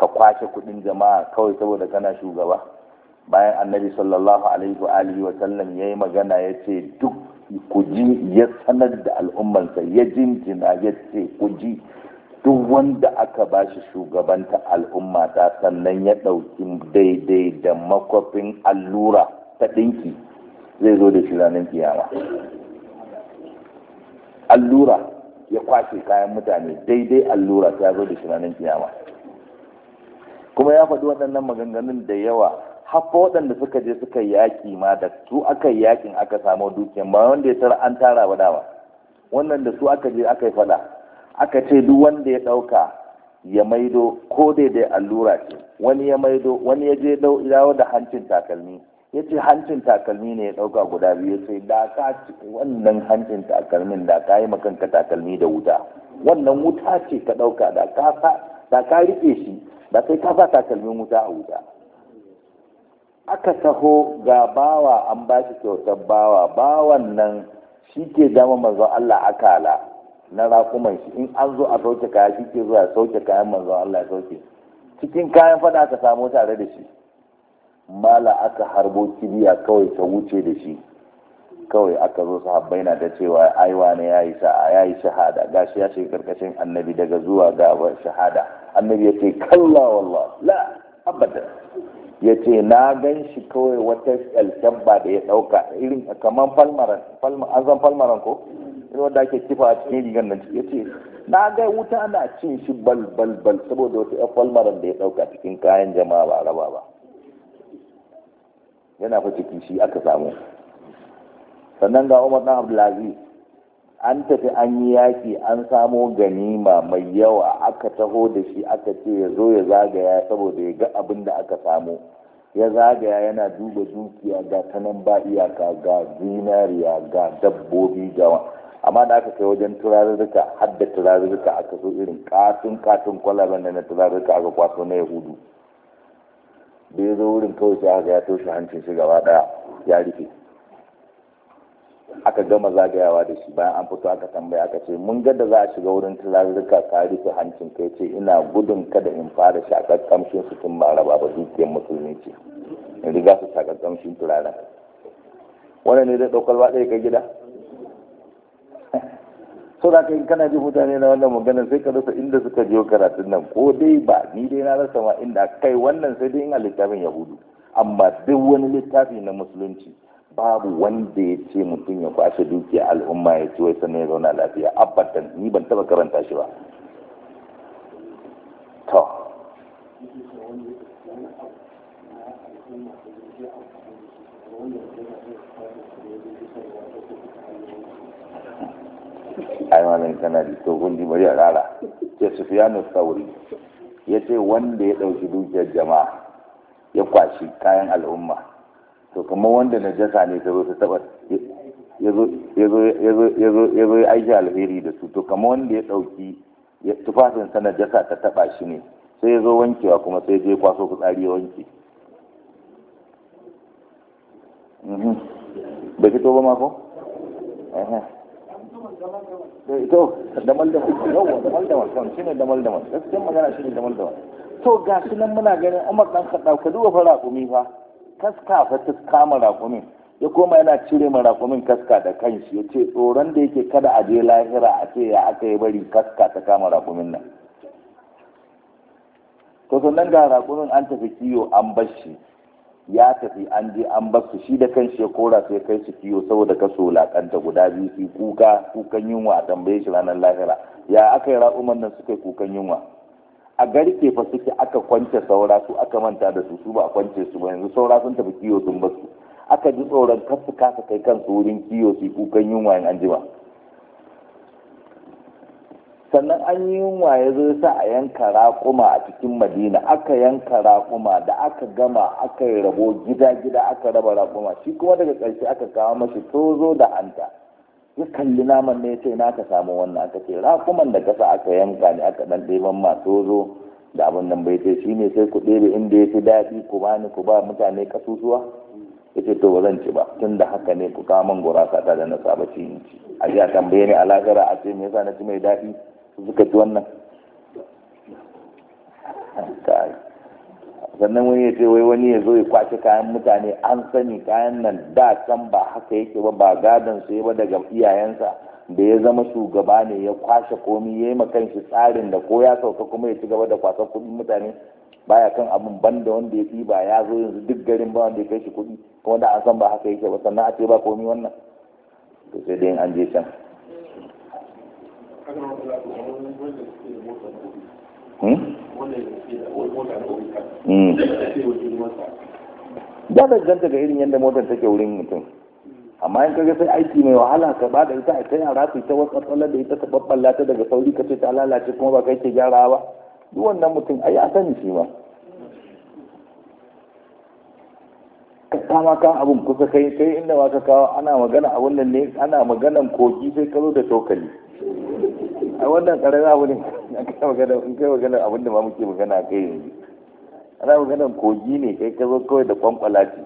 ka kwashe kudin jama'a kawai saboda kana shugaba bayan annabi sallallahu alaihi wa alihi wa sallam yayi magana yace duk ku ji ya sanar da al'ummansa ya jinjina yace ce ku ji duk wanda aka ba shi shugabanta al'umma ta sannan ya ɗauki daidai da makwafin allura ta ɗinki zai zo da shi ranar kiyama allura ya kwashe kayan mutane daidai allura ta zo da shi ranar kiyama kuma ya faɗi waɗannan maganganun da yawa haka waɗanda suka je suka yaƙi ma da su aka yi yaƙin aka samu dukiyan ba wanda ya tara an tara ba dawa wannan da su aka je aka yi faɗa aka ce duk wanda ya ɗauka ya maido ko daidai allura ce wani ya maido wani ya je dawo da hancin takalmi ya ce hancin takalmi ne ya ɗauka guda biyu sai ce da ka wannan hancin takalmin da ka yi makanka takalmi da wuta wannan wuta ce ka ɗauka da ka riƙe shi da kai ka sa takalmin wuta a wuta aka taho ga bawa an ba shi kyautar bawa bawan nan shi ke zama manzon Allah akala na raƙuman shi in an zo a sauke kaya shi ke zuwa sauke kayan manzon Allah ya sauke cikin kayan fada aka samo tare da shi mala aka harbo kibiya kawai ta wuce da shi kawai aka zo sahabbai na ta cewa aiwa ne ya yi sa'a shahada gashi ya ce karkashin annabi daga zuwa ga shahada annabi ya ce kalla wallah la abada ya ce na gan shi kawai wata alkyabba da ya dauka irin kamar falmaran falmaran ko wanda ake kifa a cikin rigar nan ya ce na ga wuta na cin shi bal bal bal saboda wata yan falmaran da ya dauka cikin kayan jama'a ba raba ba yana fa ciki shi aka samu sannan ga Umar dan Abdulaziz an tafi an yi yaƙi an samo ganima mai yawa aka taho da shi aka ce ya zo ya zagaya saboda ya ga abin da aka samu ya zagaya yana duba dukiya ga ta nan ba iyaka ga zinariya ga dabbobi ga amma da aka kai wajen turarurruka har da a aka so irin katun katun kwalaben da na turarurruka aka kwaso na yahudu da ya zo wurin kawai sai aka ya toshe hancin shi gaba daya ya rufe aka gama zagayawa da shi bayan an fito aka tambaya aka ce mun ga da za a shiga wurin turarurruka ka rufe hancin kai ce ina gudun kada in fara shakar kamshin su tun ba ba dukiyar musulmi ce in riga su shakar kamshin turaren wannan ne da ɗaukar ba ɗaya gida so da ka in kana ji mutane na wannan magana sai ka rasa inda suka je karatun nan ko dai ba ni dai na rasa ma inda kai wannan sai dai in a littafin yahudu amma duk wani littafi na musulunci babu wanda ya ce mutum ya kwashe dukiya al'umma ya ce wai sannan ya zauna lafiya abadan ni ban taba karanta shi ba ai malam kana da to gundi bari a rara ce sufiyanu sauri yace wanda ya dauki dukiyar jama'a ya kwashi kayan al'umma to kuma wanda na jasa ne ta zo ta taba ya zo ya zo aiki alheri da su to kuma wanda ya dauki tufafin sana jasa ta taba shi ne sai ya zo wankewa kuma sai je kwaso fitsari ya wanke mhm. bai fito ba ma ko Eh, to damal damal yawa damal shi ne damal magana ne damal to ga shi nan muna ganin Umar dan Khattab ka duba fara kumi fa kaska fa ta kama raƙumin ya koma yana cire ma rakumin kaska da kanshi ya ce tsoron da yake kada a je lahira a ce ya aka yi bari kaska ta kama rakumin nan to sannan ga raƙumin an tafi kiyo an bar ya tafi an je an bar shi da kan shi kora sai kai su kiyo saboda kaso lakanta guda biyu su kuka kukan yunwa a tambaye shi ranar lahira ya aka yi ra'umar nan suka yi kukan yunwa a garke fa suke aka kwance saura su aka manta da su su ba a kwance su ba yanzu saura sun tafi kiyo sun basu aka ji tsoron kasu kasa kai kansu wurin kiyo su kukan yunwa in anjima. sannan an yi yunwa ya zo sa a yanka raƙuma a cikin madina aka yanka raƙuma da aka gama aka yi rabo gida-gida aka raba raƙuma shi kuma daga ƙarshe aka kawo mashi tozo da hanta ya kalli naman ne ya ce na ka samu wannan aka ce raƙuman da kasa aka yanka ne aka ɗan ɗeban ma tozo da abin nan bai ce shi ne sai ku ɗebe inda ya fi daɗi ku bani ku ba mutane kasusuwa ya ce to ba zan ci ba tun da haka ne ku kawo gurasa ta da na saba ci a ji a tambaye ni a lagara a ce me yasa na ci mai daɗi suka ji wannan sannan wani ya ce wai wani ya zo ya kwace kayan mutane an sani kayan nan da can ba haka yake ba ba gadon su ba daga iyayensa da ya zama shugaba ne ya kwashe komi ya yi makan shi tsarin da ko ya sauka kuma ya ci gaba da kwasar kuɗin mutane baya kan abin banda wanda ya ɗiba ya zo yanzu duk garin ba wanda ya kai shi kuɗi kuma da an san ba haka yake ba sannan a ce ba komi wannan to sai an je can ya danganta ga irin yadda motar take wurin mutum amma in kaga sai aiki mai wahala ka ba da ita a kai yara su ta wasu tsallar da ita ta babbala ta daga sauri ka ce ta lalace kuma ba kai ke gyara ba duk wannan mutum ai a sani shi ba ka kama ka abun kusa kai kai inda ba ka kawo ana magana a wannan ne ana maganan kogi sai ka da tokali a wannan ƙararra abu ne in kai maganar abin da ma muke magana a kai yanzu ana maganar kogi ne kai ka zo kawai da kwankwalaci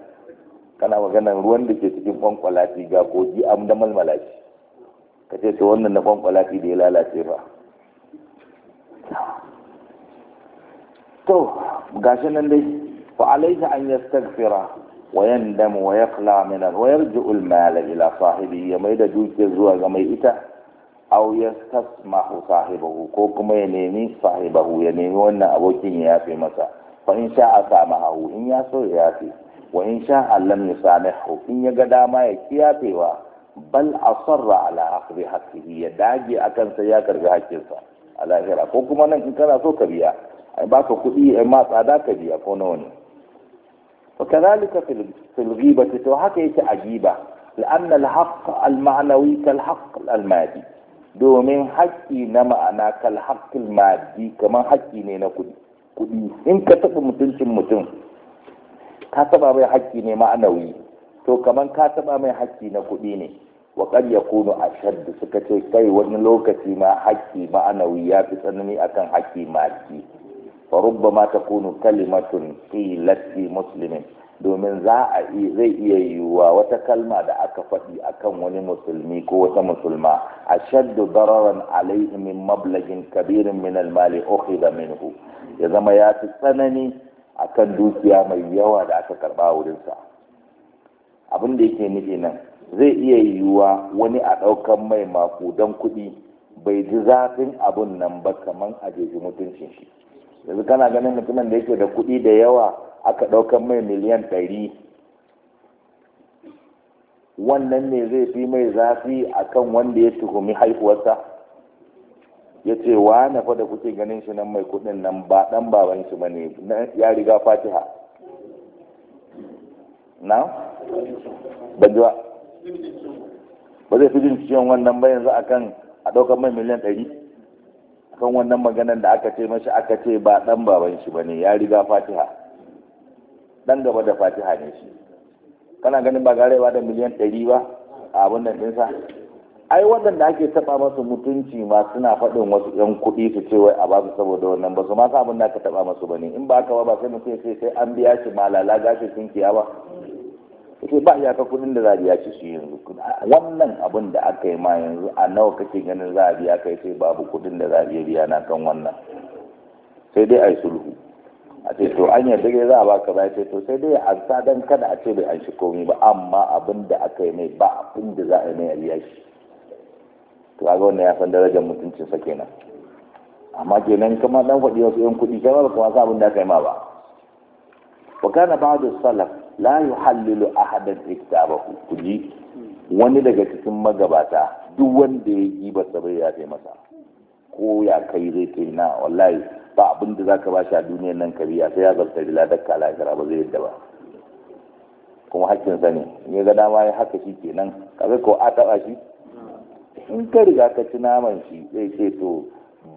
kana maganar ruwan da ke cikin kwankwalaci ga kogi am da malmalaci ka ce to wannan na kwankwalaci da ya lalace ba to gashi nan dai fa alaihi an yastaghfira wa yandamu wa yaqla min wa yarji'u al-mala ila sahibi ya maida dukiyar zuwa ga mai ita أو يستسمح صاحبه كوكما ينمي صاحبه ينمي وانا أبوكين يافي مسا فإن شاء سامحه إن ياسو يافي وإن شاء لم يسامحه إن ما يكيافي وا بل أصر على أخذ حقه يداجي أكن سياكر بحجزة على غيره كوكما نكي كان أسو كبيا باكو كوئي إما سادا كبيا كونوني وكذلك في الغيبة تتوحكي تعجيبة لأن الحق المعنوي كالحق المادي domin haƙƙi na ma'ana kal haƙƙin maddi kamar haƙƙi ne na kuɗi kuɗi in ka taɓa mutuncin mutum ka taɓa mai haƙƙi ne ma'anawi to kamar ka taɓa mai haƙƙi na kuɗi ne wa kunu a shadda suka ce kai wani lokaci ma haƙƙi ma'anawi ya fi tsanani akan haƙƙi maddi fa rubbama takunu kalimatun qilat fi muslimin domin za a zai iya yiwuwa wata kalma da aka faɗi akan wani musulmi ko wata musulma a shaddu bararan alaihi min mablagin kabirin min almali ukhida minhu ya zama ya fi tsanani akan dukiya mai yawa da aka karba wurinsa abin da yake nufi nan zai iya yiwuwa wani a ɗaukan mai makudan kuɗi bai ji zafin abun nan ba kaman a jeji mutuncin shi yanzu kana ganin mutumin da yake da kuɗi da yawa aka ɗaukar mai miliyan ɗari wannan ne zai fi mai zafi akan wanda ya tuhumi haihuwarsa ya ce wa na fa da kuke ganin shi nan mai kuɗin nan ba ɗan baban shi ba ne ya riga fatiha na ban ji ba zai fi jin ciwon wannan ba yanzu akan a ɗaukar mai miliyan ɗari kan wannan maganan da aka ce mashi aka ce ba ɗan baban shi ba ne ya riga fatiha ɗan gaba da fatiha ne shi kana ganin ba gare ba da miliyan ɗari ba a abin nan ɗinsa ai waɗanda ake taɓa masu mutunci ma suna faɗin wasu yan kuɗi su ce wai a ba su saboda wannan ba su ma sa abin da aka taɓa masu ba ne in ba haka ba ba sai mutum sai sai an biya shi malala gashin kinkiya ba yake ba ya kudin da za a biya shi su yanzu wannan abin da aka yi ma yanzu a nawa kake ganin za a biya kai sai babu kudin da za a biya na kan wannan sai dai a yi sulhu a ce to an yarda dai za a baka ba ce to sai dai a sa dan kada a ce bai an shi komai ba amma abin da aka yi mai ba abin da za a yi mai a biya shi to ga wannan ya san darajar mutuncin sa kenan amma kenan kamar dan faɗi wasu yan kuɗi kamar kuma sa abin da aka yi ma ba wa kana da salaf la yuhallilu ahadan ba kuji wani daga cikin magabata duk wanda ya yi ba sabai ya kai masa ko ya kai zai kai na wallahi ba abin da zaka ba shi a duniyar nan kabi ya sai ya zarta bila dakka lahira ba zai yadda ba kuma hakkin sani ne in ya ga dama ya haka shi kenan kaga ko a taba shi in ka riga ka ci naman shi zai ce to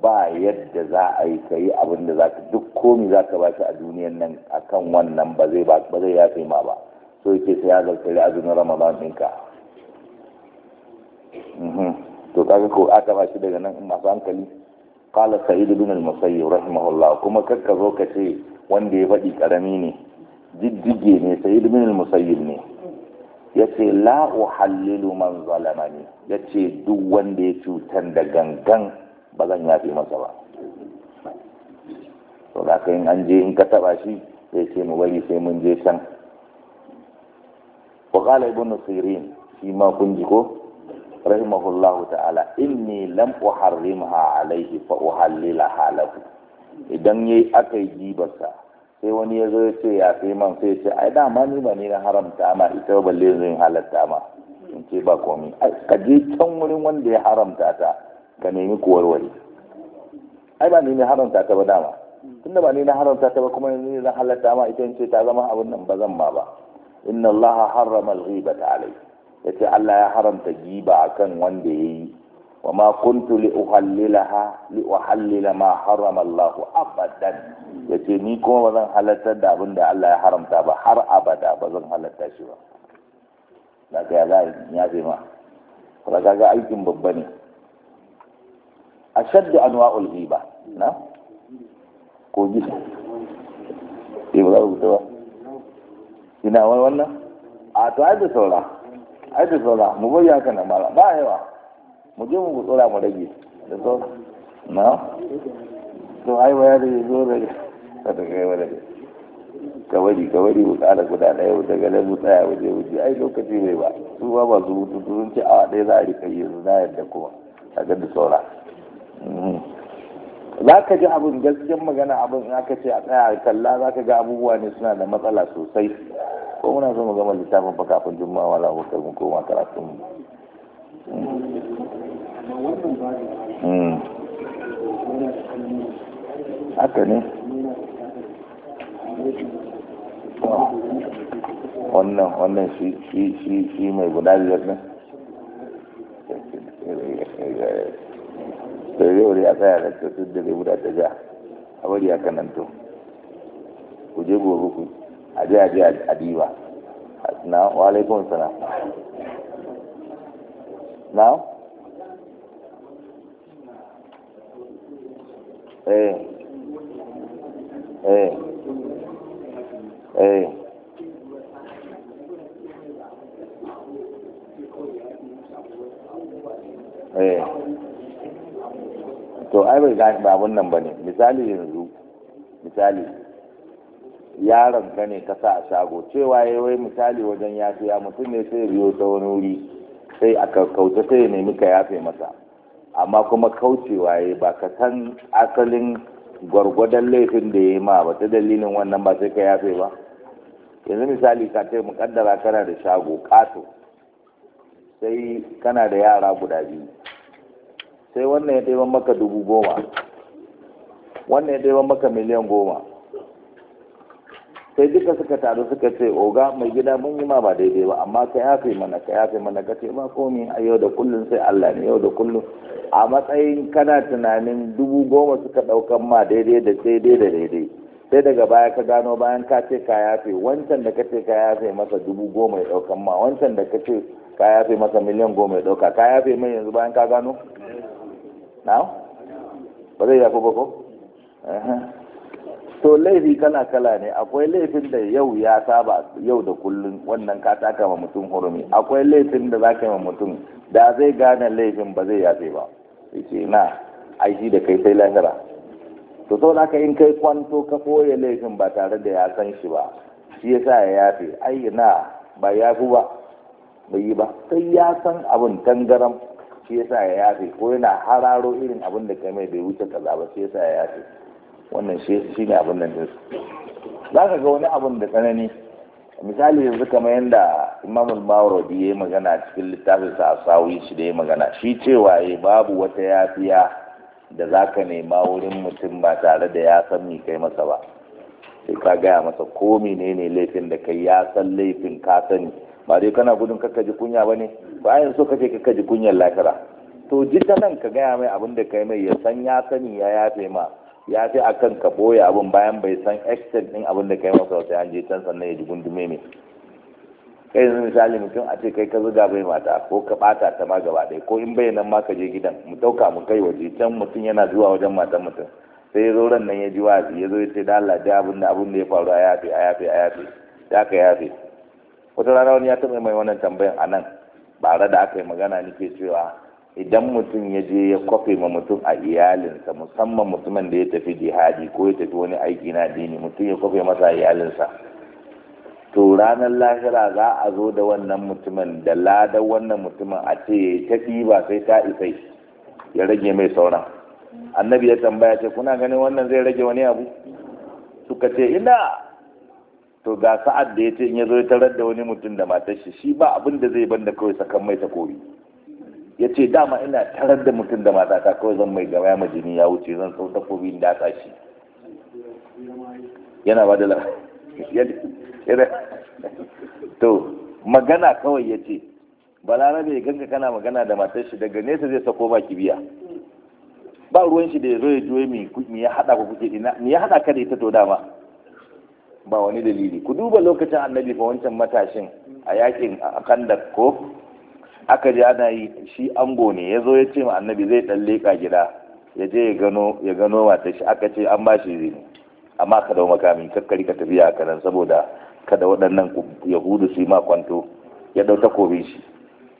ba yadda za a yi ka yi abin da za ka duk komi za ka bashi a duniyan nan akan wannan ba zai ba zai ya ma ba so yake sai ya zartari azumin ramadan ɗinka mhm. to kaga ko aka bashi daga nan masu hankali qala sa'id ibn al-musayyib rahimahullah kuma kakka zo ka ce wanda ya faɗi karami ne Jiddige ne sa'id ibn al-musayyib ne yace la uhallilu man zalamani yace duk wanda ya cutar da gangan ba zan fi masa ba to da ka an je in ka taba shi sai ce mu bari sai mun je can wa qala ibnu sirin shi ma kun ji ko rahimahullahu ta'ala inni lam uharrimha alaihi fa uhallilaha halaku. idan yayi aka yi sai wani ya zo ya ce ya sai man sai ce ai ma ni ba ni na haramta ma ita balle zan halatta ma in ce ba komai ka je can wurin wanda ya haramta ta ka nemi kuwarware ai ba ni ne haramta ta ba dama tunda ba ni na haramta ta ba kuma ni na halatta ma ita ce ta zama abin nan ba zan ma ba inna allaha harrama al ta alai yace Allah ya haramta giba akan wanda yayi wa ma kuntu li uhallilaha li uhallila ma harrama Allah abadan yace ni kuma ba zan halatta da abin da Allah ya haramta ba har abada ba zan halatta shi ba daga ya za ya ce ma kaga aikin babba ne ashaddu anwa'ul ghiba na ko gida eh, ibrahim ba ina wani wannan a to ai da saura ai da saura mu bari haka nan mala ba yawa mu je mu tsora mu rage da saura na to ai waya da zo da ka da kai wala kawari kawari mu kara guda ɗaya daga nan mu tsaya waje waje ai lokaci bai ba su ba ba su a ɗaya za a rika yi yanzu na yadda kuma a ga da saura za ka ji abin gaskiyar magana abin in aka ce a tsaya a kalla za ka ga abubuwa ne suna da matsala sosai ko muna so mu gama littafin fa kafin juma'a wala abokan mu koma karatun mu hmm. haka ne wannan wannan shi mai guda biyar ne to yau da tsaya da ta da zai guda ta ja a bari ya kananto ku je gobe ku a je a je a diba na walaikun sana na eh eh eh eh to ai bai gane ba abun nan bane misali yanzu misali yaron ka ne ka sa a shago cewa ya wai misali wajen ya fiya mutum ne sai biyo ta wani wuri sai a kauta sai ya nemi ka yafe masa amma kuma kaucewa ya ba ka san asalin gwargwadon laifin da ya yi ma ba ta dalilin wannan ba sai ka yafe ba yanzu misali ka ce mukaddara kana da shago kato sai kana da yara guda biyu sai wannan ya ɗaiban maka dubu goma wannan ya ɗaiban maka miliyan goma sai duka suka taru suka ce oga mai gida mun yi ma ba daidai ba amma ka yafe mana ka yafe mana ka ce ba komi a yau da kullum sai Allah ne yau da kullum a matsayin kana tunanin dubu goma suka ɗaukan ma daidai da daidai da daidai sai daga baya ka gano bayan ka ce ka yafe wancan da ka ce ka yafe masa dubu goma ya ɗaukan ma wancan da ka ce ka yafe masa miliyan goma ya ɗauka ka yafe mai yanzu bayan ka gano na ba zai yafi ba ko to laifi kala kala ne akwai laifin da yau ya saba yau da kullum wannan ka taka ma mutum hurumi akwai laifin da za yi ma mutum da zai gane laifin ba zai yafe ba yace na aiki da kai sai lahira to saboda in kai kwanto ka koya laifin ba tare da ya san shi ba shi ya sa ya yafe ai na ba yafi ba bai yi ba sai ya san abin tangaram shi yasa ya yafe ko yana hararo irin abin da kai mai bai wuce kaza ba shi yasa ya yafe wannan shi ne abin nan dinsu za ka ga wani abin da tsanani misali yanzu kamar yadda imamul mawarodi ya yi magana cikin littafin sa asawi shi da ya magana shi cewa ya babu wata yafiya da zaka nema wurin mutum ba tare da ya san mi kai masa ba sai ka gaya masa ko menene laifin da kai ya san laifin ka sani ba dai kana gudun kaka ji kunya bane bayan so kake kakka ji kunyar lafira to ji ta nan ka gaya mai abin da kai mai ya san ya sani ya yafe ma ya fi akan ka boye abin bayan bai san extent din abin da kai masa sai an je can sannan ya ji gundume mai kai yanzu misali mutum a ce kai ka zuga bai mata ko ka bata ta ma gaba ɗaya ko in bai ma ka je gidan mu ɗauka mu kai waje can mutum yana zuwa wajen matan mutum sai ya zo ran nan ya ji wazi ya zo ya ce da Allah da abin da abin da ya faru a yafe a yafe a yafe da aka yafe wata rana wani ya taɓa mai wannan tambayan a nan bare da aka yi magana ke cewa idan mutum ya je ya kwafe ma mutum a iyalinsa musamman mutumin da ya tafi jihadi ko ya tafi wani aiki na dini mutum ya kwafe masa a iyalinsa to ranar lahira za a zo da wannan mutumin da ladan wannan mutumin a ce ya yi ta ɗiba sai ta isai ya rage mai sauran annabi ya tambaya ce kuna ganin wannan zai rage wani abu suka ce ina to ga sa'ad da ya ce in ya zo ya tarar da wani mutum da matar shi shi ba abin da zai banda kawai sakan mai takori ya ce dama ina tarar da mutum da ta kawai zan mai gama ya majini ya wuce zan sau kobi da ta shi yana ba da lafiya. to magana kawai ya ce balarabe ya ganga kana magana da matar shi daga nesa zai sako ba kibiya ba ruwan shi da ya zo ya juye mi ya hada ku ka da ita to dama ba wani dalili ku duba lokacin annabi fa wancan matashin a yakin a kandak ko aka ji ana yi shi ango ne ya zo ya ce ma annabi zai dan leka gida ya je ya gano ya mata shi aka ce an bashi zini amma ka dawo makamin kakkari ka tafiya a kanan saboda kada waɗannan yahudu su yi ma kwanto ya ɗau takobin shi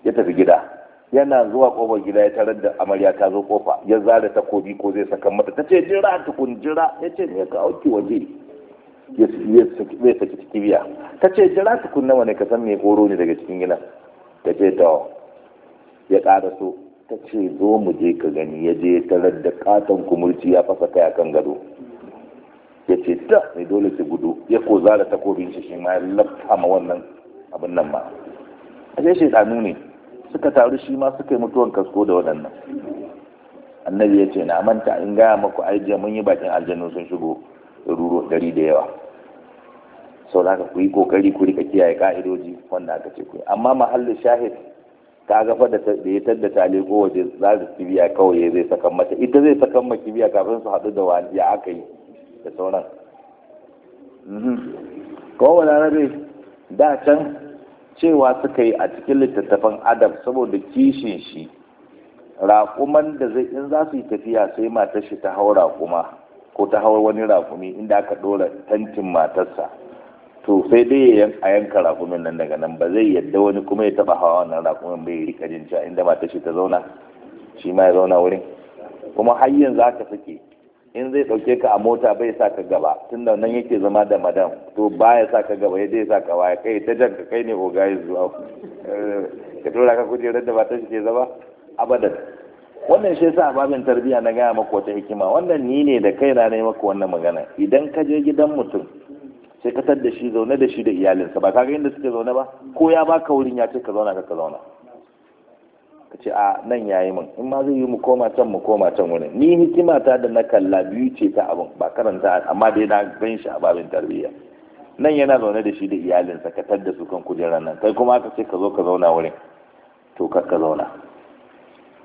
ya tafi gida yana zuwa kofar gida ya tarar da amarya ta zo kofa ya zara takobi ko zai saka mata ta ce jira tukun jira ya ce me ka auki waje zai saki ciki biya ta ce jira tukun nawa ne ka san me koro ne daga cikin gina ta ce ta ya ƙara so ta ce zo mu je ka gani ya je tarar da katon kumurci ya fasa kai akan gado ya ce ta mai dole su gudu ya ko zara takobin shi shi ma ya lafa ma wannan abin nan ma a ce shi ne suka taru shi ma suka yi mutuwan kasko da waɗannan annabi ya ce na manta in gaya maku ajiya mun yi bakin aljanu sun shigo ruru gari da yawa sau da ku yi kokari ku rika kiyaye ka'idoji wanda aka ce ku yi amma mahallin shahid ka gafa da ya tadda tale ko waje za su kibiya kawai zai sakan mata ita zai sakan ma kibiya kafin su haɗu da wani ya aka yi da sauran mhm. kowane rabe da can cewa suka yi a cikin littattafan adam saboda kishin shi raƙuman da zai in za su yi tafiya sai matar shi ta hau raƙuma ko ta hau wani raƙumi inda aka ɗora tantin matarsa to sai dai a yanka raƙumin nan daga nan ba zai yadda wani kuma ya taɓa hawa wannan raƙumin bai rika jin inda matar shi ta zauna shi ma ya zauna wurin kuma har yanzu aka sake in zai ɗauke ka a mota bai sa ka gaba tun da nan yake zama da madam to baya sa ka gaba yadda ya sa ka waya kai ta jan ka kai ne oga ya zuwa eh, ka tura ka kujerar da ba ta shige zama abadan wannan shi yasa babin tarbiyya na gaya maka wata hikima wannan ni ne da kaina ne maka wannan magana idan ka je gidan mutum sai ka tar da shi zaune da shi da iyalinsa ba ka ga inda suke zaune ba ko ya baka wurin ya ce ka zauna ka zauna ka ce a nan yayi min in ma zai yi mu koma can mu koma can wani ni hikima ta da na kalla biyu ce ta abin ba karanta amma dai na gan shi a babin tarbiyya nan yana zaune da shi da iyalinsa ka tadda su kan kujerar nan kai kuma aka ce ka zo ka zauna wurin to kar ka zauna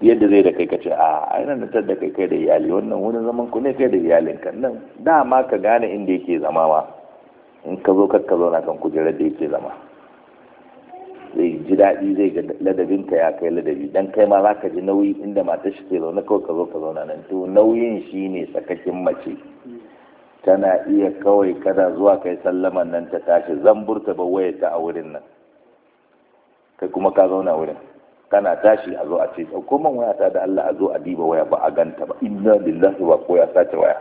yadda zai da kai ka ce a ainihin da da kai kai da iyali wannan wurin zaman ku ne kai da iyalinka nan dama ka gane inda yake zama ma in ka zo kar ka zauna kan kujerar da yake zama zai ji daɗi zai ga ladabinka ya kai ladabi dan kai ma zaka ji nauyi inda matar shi ke zaune kawai ka zo ka zauna nan to nauyin shi ne sakakin mace tana iya kawai kada zuwa kai sallaman nan ta tashi zan burta ba waya ta a wurin nan kai kuma ka zauna wurin kana tashi a zo a ce ko man waya ta da Allah a zo a diba waya ba a ganta ba inna lillahi wa ko ya sace waya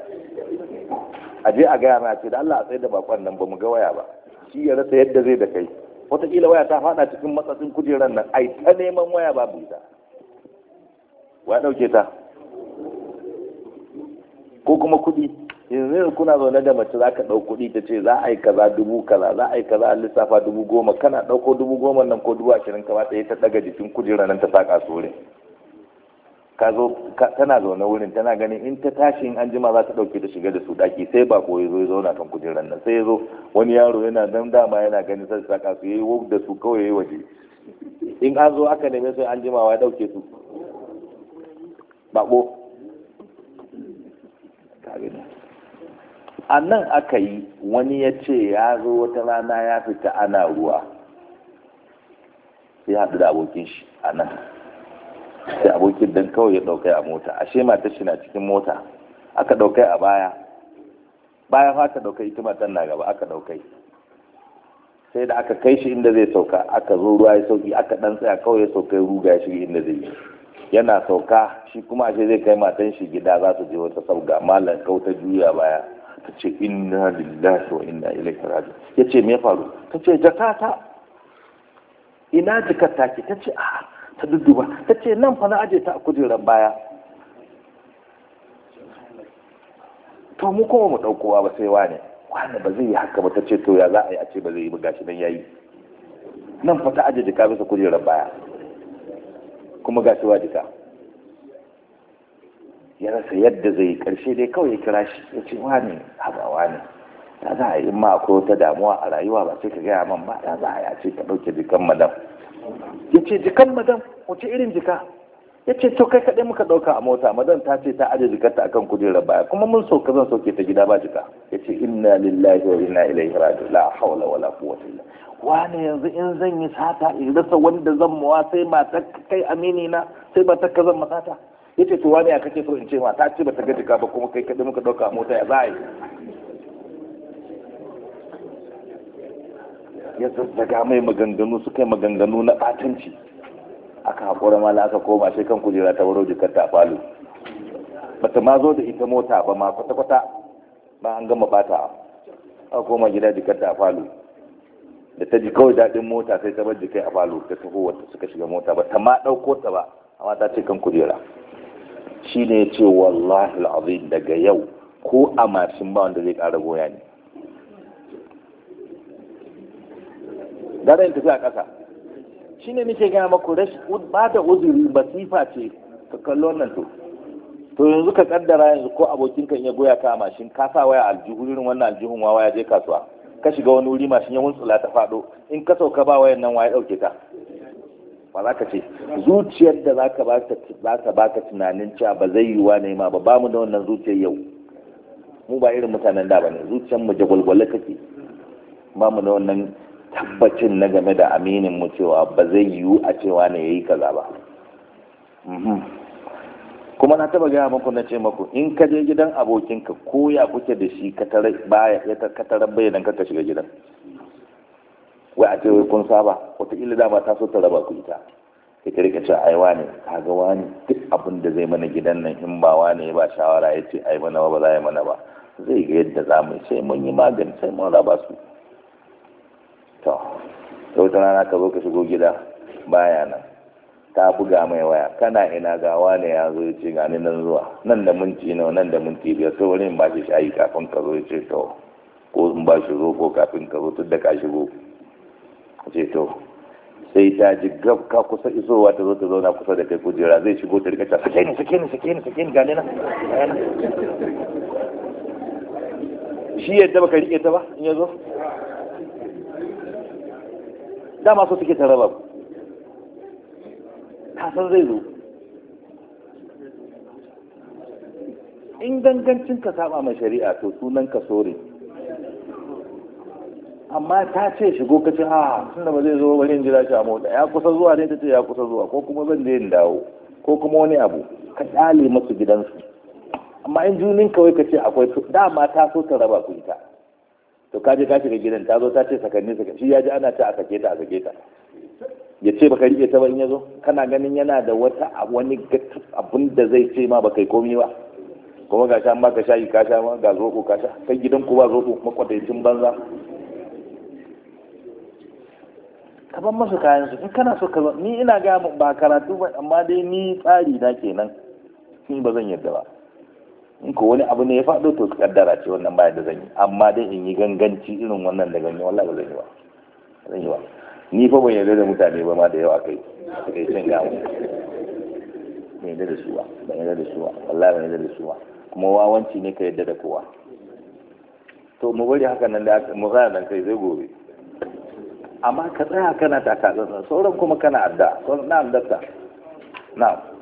a je a gaya na ce da Allah a tsaye da bakon nan ba mu ga waya ba shi ya rasa yadda zai da kai wataƙila waya ta faɗa cikin matsatsin kujerar nan ai ta neman waya babu ita wa ɗauke ta ko kuma kuɗi yanzu kuna zaune da mace za ka ɗau kuɗi ta ce za a yi kaza dubu kaza za a yi kaza a lissafa dubu goma kana ɗauko dubu goma nan ko dubu ashirin ka ta ɗaga jikin kujerar nan ta saƙa sore ka zo tana zaune wurin tana ganin in ta tashi in an jima za ta dauke ta shiga da su daki sai ba ko zo ya zauna kan kujerar nan sai ya zo wani yaro yana dan dama yana ganin sai saka su yayi wuk da su kawai yayi waje in an zo aka neme su an jima wa dauke su bako a nan aka yi wani ya ce ya zo wata rana ya fita ana ruwa sai haɗu da abokin shi a nan sai abokin dan kawai ya ɗaukai a mota ashe matar shi na cikin mota aka ɗaukai a baya baya fa aka ɗaukai ita matar na gaba aka ɗaukai sai da aka kai shi inda zai sauka aka zo ruwa ya sauki aka ɗan tsaya kawai ya saukai ruga shi inda zai yi yana sauka shi kuma ashe zai kai matan shi gida za su je wata sauga malam kauta juya baya ta ce inna lillahi wa inna ilaihi raji'un ya ce me faru ta ce jakata ina jakata ki ta ce a ta dudduba ta ce nan fa na aje ta a kujerar baya to mu kuma mu ɗaukowa ba sai wane wane ba zai yi haka ba ta ce to ya za a yi a ce ba zai yi ba gashi nan yayi nan fa ta aje jika bisa kujerar baya kuma gashi wa jika ya rasa yadda zai yi karshe dai kawai ya kira shi ya ce wane haba wane ya za a yi ma ko ta damuwa a rayuwa ba sai ka gaya man ba ya za a yi a ce ka ɗauke jikan madam ya ce jikan madam wace irin jika ya ce to kai kaɗai muka ɗauka a mota madam ta ce ta ajiye jikarta akan kujera baya kuma mun sauka zan sauke ta gida ba jika ya ce inna lillahi wa inna ilaihi raji'un la hawla wala quwwata illa wani yanzu in zan yi sata in rasa wanda zan mawa sai mata kai amini na sai ba ka zan masata ya ce to wani ya kake so in ce mata ce ba ta ga jika ba kuma kai kaɗai muka ɗauka a mota ya za a yi ya zazzaga mai maganganu suka yi maganganu na batanci aka haƙura mala aka koma sai kan kujera ta wuro jikar ta falo bata ma zo da ita mota ba ma kwata-kwata ba an gama bata aka koma gida jikar ta falo da ta ji kawai daɗin mota sai ta bar jikai a falo ta taho wata suka shiga mota ba ta ma ɗauko ta ba amma ta ce kan kujera ne ya ce wallahi al'azim daga yau ko a mashin ba wanda zai ƙara goya ne gara in tafi a ƙasa shi ne nake gaya maku rashi ba da uzuri sifa ce ka kallo wannan to to yanzu ka kaddara yanzu ko abokin kan ya goya ka a mashin ka sa waya aljihu irin wannan aljihun wawa ya je kasuwa ka shiga wani wuri mashin ya wuntsula ta faɗo in ka sauka ba wayan nan waya ɗauke ta ba za ka ce zuciyar da za ka ba ka tunanin cewa ba zai yi ne ma ba ba mu da wannan zuciyar yau mu ba irin mutanen da ba ne zuciyar mu jagwalgwale kake ba mu da wannan tabbacin na game da aminin mu cewa ba zai yiwu a cewa ne yayi kaza ba mhm. kuma na taba gaya maku na ce maku in ka je gidan abokinka ko ya kuke da shi ka tare baya ya ka tare ka shiga gidan wai a ce wai kun saba wataƙila dama ta so ta raba ku ita ita rike ce ai wane kaga wani duk abin da zai mana gidan nan in ba ya ba shawara ya ce ai mana ba za yi mana ba zai ga yadda za mu sai mun yi magani sai mun raba su to sautin rana ka zo ka shigo gida baya nan ta buga mai waya kana ina ga wane ya zo ya ce gani nan zuwa nan da minti nawa nan da minti biyar sai wani ba shi shayi kafin ka zo ya ce to ko in ba shi ko kafin ka zo tun da ka shigo ce to sai ta ji gab ka kusa isowa ta zo ta zauna kusa da kai kujera zai shigo ta rika ta sake ni sake ni sake ni sake ni gani nan shi yadda baka rike ta ba in ya zo dama so suke taraba ku zai zo in gangancin ka saba mai shari'a to sunan ka sore amma ta ce shigo ka ce a ah, tunda ba zai zo bari in jira shi a mota ya kusa zuwa ne ta ce ya kusa zuwa ko kuma zan je yin dawo ko kuma wani abu ka ɗale masu gidansu amma in junin kawai ka ce akwai dama ta so ta raba ku ita to ka je ka shiga gidan ta zo ta ce sakanni saka shi ya ji ana ta a sake ta a sake ta ya ce baka rike ta ba in ya zo kana ganin yana da wata wani abin da zai ce ma baka yi komi ba kuma ga shan baka shayi ka sha ga zoko ka sha kai gidan ku ba zoko makwadaicin banza ka ban masu kayan su in kana so ka ni ina ga ba karatu ba amma dai ni tsari na kenan ni ba zan yadda ba in ko wani abu ne ya faɗo to kaddara ce wannan baya da zan yi amma dai in yi ganganci irin wannan da ganye wallahi ba zan yi ba zan yi ba ni fa ban yarda da mutane ba ma da yawa kai kai san ga mu ne da da suwa ba ban yarda da suwa ba wallahi ban yarda da suwa kuma wawanci ne ka yarda da kowa to mu bari haka nan da mu tsaya nan kai zai gobe amma ka tsaya kana taka tsantsan sauran kuma kana adda sauran na addarta na'am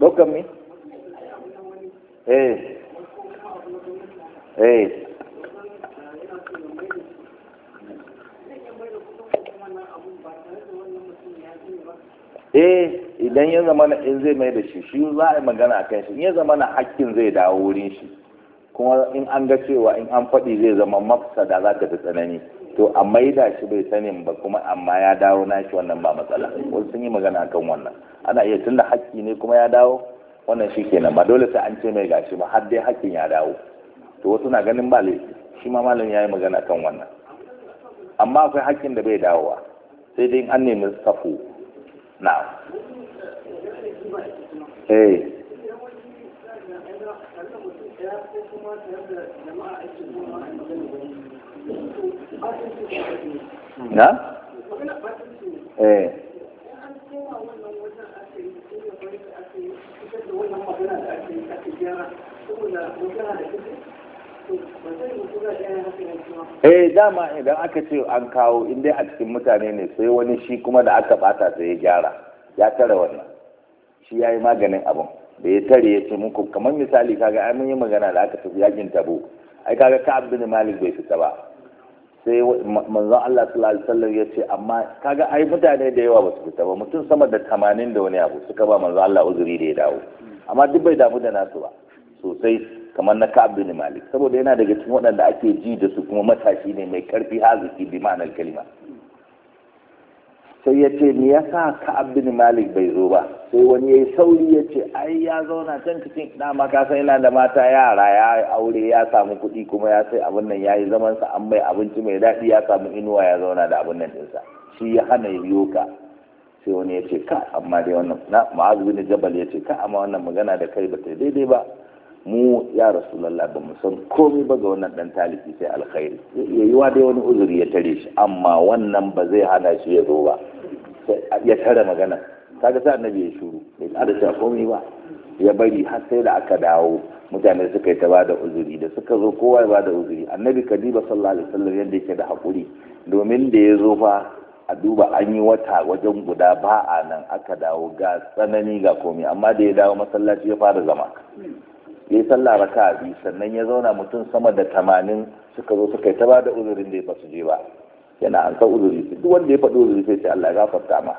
ɗaukan mi? eh eh eh idan ya zama na in zai mai da shi shi za a yi magana a kan shi in ya zama na hakkin zai dawo wurin shi kuma in an ga cewa in an faɗi zai zama da za ka fi tsanani to amma yi da shi bai sanin ba kuma amma ya dawo na shi wannan ba matsala wasu sun yi magana akan wannan ana iya tun da haƙƙi ne kuma ya dawo wannan shi kenan ba dole sai an ce mai gashi ba har dai haƙƙin ya dawo to wasu na ganin ba laifi shi ma malam ya yi magana kan wannan amma akwai haƙƙin da bai dawowa sai dai an nemi safu na eh na? eh eh dama idan aka ce an kawo inda a cikin mutane ne sai wani shi kuma da aka bata sai ya gyara ya tare wannan shi ya yi maganin abin da ya tare ya ce muku kamar misali kaga an yi magana da aka tafi yakin tabo ai kaga ka abdul malik bai fita ba sai manzon Allah sallallahu alaihi wasallam ya ce amma kaga ai mutane da yawa ba su fita ba mutum sama da tamanin da wani abu suka ba manzon Allah uzuri da ya dawo amma duk bai damu da nasu ba sosai kamar na Ka'ab bin Malik saboda yana daga cikin waɗanda ake ji da su kuma matashi ne mai karfi haziki bi ma'anar kalima sai ya ce me yasa ka abin malik bai zo ba sai wani ya yi sauri ya ce ai ya zauna can cikin dama ka san yana da mata yara ya aure ya samu kuɗi kuma ya sai abin nan ya yi zaman sa an mai abinci mai daɗi ya samu inuwa ya zauna da abin nan ɗinsa shi ya hana ya biyo ka sai wani ya ce ka amma dai wannan na ma'azu bin jabal ya ce ka amma wannan magana da kai ba ta daidai ba mu ya rasulallah ba mu san komai ba ga wannan dan talibi sai alkhairi yayi wa dai wani uzuri ya tare shi amma wannan ba zai hana shi ya zo ba ya tara magana kaga sai annabi ya shuru bai ƙara a komai ba ya bari har sai da aka dawo mutane suka yi ta ba da uzuri da suka zo kowa ya ba da uzuri annabi kadiba sallallahu alaihi wasallam yadda yake da haƙuri domin da ya zo fa a duba an yi wata wajen guda ba a nan aka dawo ga tsanani ga komai amma da ya dawo masallaci ya fara zama ya yi sallah raka biyu sannan ya zauna mutum sama da tamanin suka zo suka yi ta ba da uzurin da ya ba su je ba yana an san uzuri duk wanda ya faɗi uzuri sai ce Allah ya gafarta ma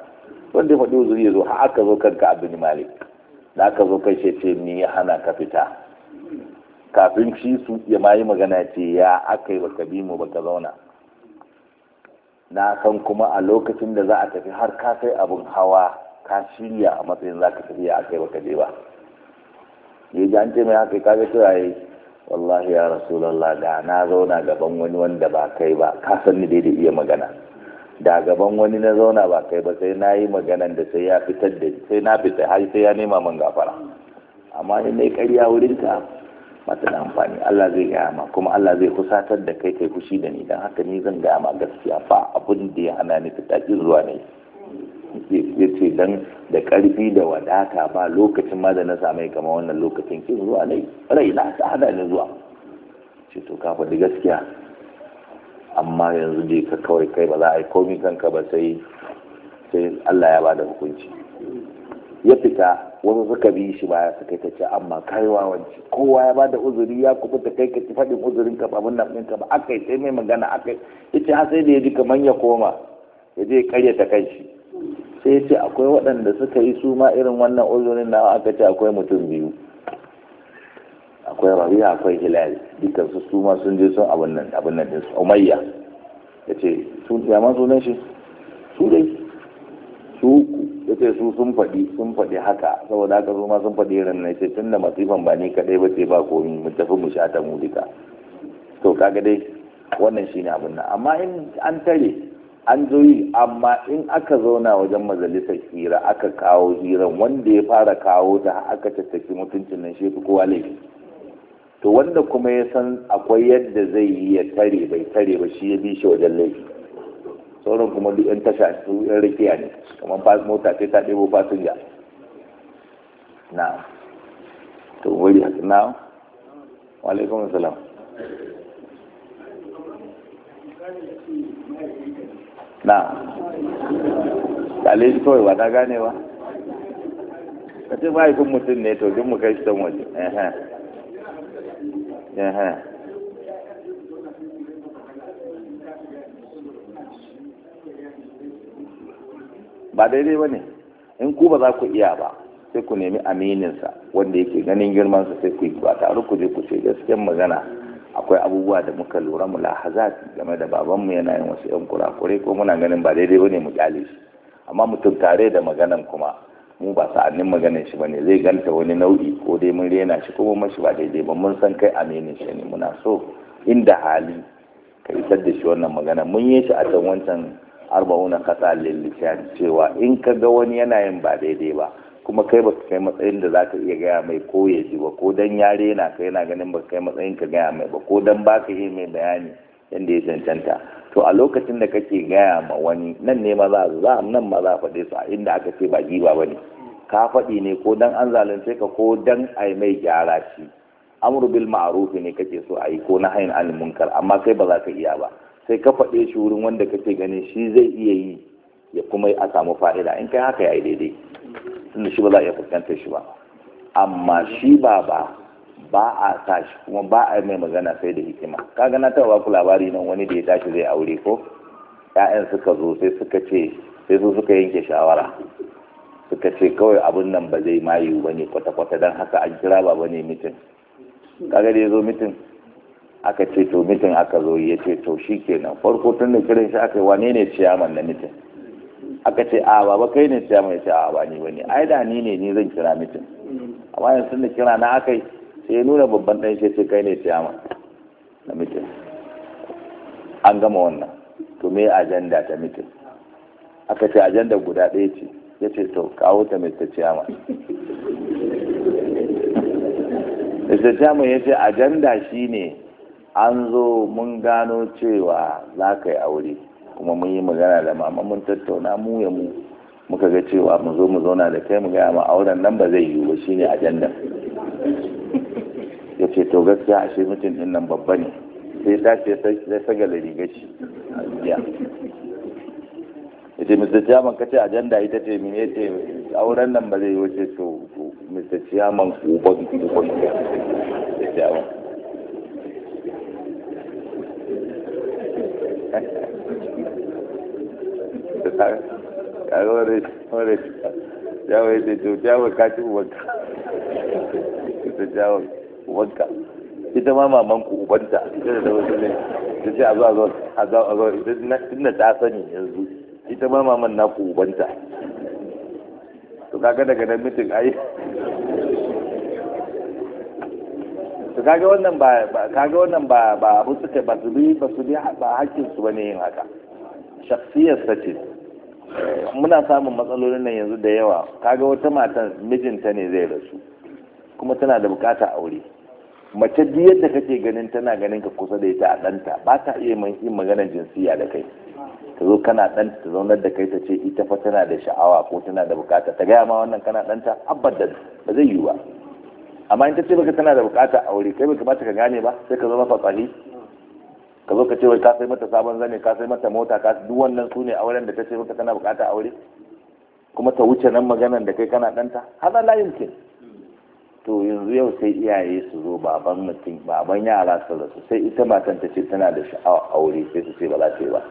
wanda ya faɗi uzuri ya zo har aka zo kanka abin malik da aka zo kai ce ni ya hana ka fita kafin shi su ya ma magana ce ya aka yi baka bi mu baka zauna na san kuma a lokacin da za a tafi har ka sai abin hawa ka shirya a matsayin za ka tafi ya aka yi baka je ba ya ji an ce mai haka ka ga turaye wallahi ya rasulallah da na zauna gaban wani wanda ba kai ba ka san ni da iya magana da gaban wani na zauna ba kai ba sai na yi maganan da sai ya fitar da sai na fita har sai ya nema man gafara amma ni ne ƙarya wurin ka mata da amfani Allah zai gaya ma kuma Allah zai kusatar da kai kai fushi da ni dan haka ni zan gaya ma gaskiya fa abin da ya hana ni fita zuwa ne ya ce dan da ƙarfi da wadata ba lokacin ma da na same kama wannan lokacin kin zuwa ne rai na ta hada ne zuwa ce to ka faɗi gaskiya amma yanzu dai ka kawai kai ba za a yi komi kanka ba sai sai Allah ya bada hukunci ya fita wasu suka bi shi baya suka ta ce amma kai wawanci kowa ya bada uzuri ya kuma ta kai ka ci faɗin uzurin ka ba mun nan ka ba yi sai mai magana yi yace har sai da ya ji kamar ya koma ya je karya ta shi. sai ce akwai waɗanda suka yi su ma irin wannan uzurin na aka ce akwai mutum biyu akwai rabi'a akwai hilali dukkan su su ma sun je sun abin nan abin nan su umayya ce su ya ma sunan shi su dai su yace su sun faɗi sun faɗi haka saboda haka su ma sun faɗi irin nan tun da masifan ba ni kaɗai ba ce ba komi mu tafi mu sha ta mu duka to kaga dai wannan shine abin nan amma in an tare an zo yi amma in aka zauna wajen majalisar hira aka kawo hiran wanda ya fara kawo ta aka tattaki mutuncin nan shi kowa laifi to wanda kuma ya san akwai yadda zai yi ya tare bai tare ba shi ya bi shi wajen laifi sauran kuma duk yan tasha su yan rikiya ne kamar mota ce ta ɗebo fasinja na to wuri a na wa salam Na Dalilin kawai ba ta gane ba? Ka ce mahaifin mutum ne to duk mu kai shi can waje. Ba daidai ba ne, in ku ba za ku iya ba, sai ku nemi amininsa wanda yake ganin girmansa sai ku yi ba tare ku je ku ce gaskiyar magana. akwai abubuwa da muka lura mu lahazat game da babanmu yana yin wasu yan kurakure ko muna ganin ba daidai bane mu kyale shi amma mutum tare da maganan kuma mu ba sa'annin maganin shi bane zai ganta wani nau'i ko dai mun rena shi ko mun mashi ba daidai ba mun san kai aminin shi ne muna so inda hali ka isar da shi wannan magana mun yi shi a can wancan arba'una kasa lil cewa in ka ga wani yana yin ba daidai ba kuma kai baka kai matsayin da za ka iya gaya mai ko ya ji ba ko dan yare na kai na ganin ba kai matsayin ka gaya mai ba ko dan baka yi mai bayani yanda ya cancanta to a lokacin da kake gaya ma wani nan ne maza za za nan ma za faɗe su a inda aka ce ba giba ba ne ka faɗi ne ko dan an zalunce ka ko dan yi mai gyara shi amru bil ma'ruf ne kake so a yi ko na hayin anil munkar amma kai ba za ka iya ba sai ka faɗe shi wurin wanda kake ganin shi zai iya yi ya kuma a samu fa'ida in kai haka ya yi daidai tunda shi ba za a iya fuskanta shi ba amma shi ba ba ba a sa kuma ba a mai magana sai da hikima ka gana na taɓa ku labari nan wani da ya tashi zai aure ko ya'yan suka zo sai suka ce sai su suka yanke shawara suka ce kawai abun nan ba zai mayu ba ne kwata-kwata don haka an kira ba ba ne mitin kaga da ya zo mitin aka ce to mitin aka zo ya ce to shi kenan farko tun da kiran shi aka yi wane ne ciyaman na mitin aka ce a baba kai ne ciyaman ya ce a ba ni bane ai da ni ne ni zan kira mitin amma yanzu da kira na akai sai ya nuna babban dan shi kai ne ma na mitin an gama wannan to me agenda ta mitin aka ce agenda guda ɗaya ce ya ce to kawo ta mr ciyama mr Ciyama ya ce agenda shine an zo mun gano cewa za ka yi aure kuma mun yi magana da mama mun tattauna mu ya mu muka ga cewa mu zo mu zauna da kai mu ga ma auren nan ba zai yi ba shine ajanda ya ce to gaskiya ashe mutum din nan babba ne sai ta ce sai saga da rigar shi ya ce mr chairman kace ajanda ita ce mene ce auren nan ba zai yiwu ce to mr chairman uban uban ya ta tare kaga wani wani jawo ya ce to wani ka ci ubanka ta jawo ubanka ita ma maman ku ubanta ita da wani ne ta ce a zo a zo a zo a zo ita ta sani yanzu ita ma maman na ku ubanta to kaga daga nan mitin ai to kaga wannan ba kaga wannan ba ba abu suka ba su bi ba su bi ba hakkin su bane yin haka shakhsiyar sace muna samun matsalolin nan yanzu da yawa kaga wata matan mijinta ne zai rasu kuma tana da bukata aure mace duk yadda kake ganin tana ganin ka kusa da ita a ɗanta ba ta iya yin maganar jinsiya da kai ta zo kana ɗanta ta zaunar da kai ta ce ita fa tana da sha'awa ko tana da bukata ta gaya ma wannan kana ɗanta abadan ba zai yiwu ba amma in ta ce baka tana da bukata aure kai baka ba ta ka gane ba sai ka zama fatsari ka zo ka ce wai ka mata sabon zane kasai mata mota ka duk wannan su ne auren da ta ce maka kana bukata aure kuma ta wuce nan maganan da kai kana danta hada la yumkin to yanzu yau sai iyaye su zo baban mutum baban yara su rasu sai ita matan ta ce tana da sha'awa aure sai su ce ba za ta yi ba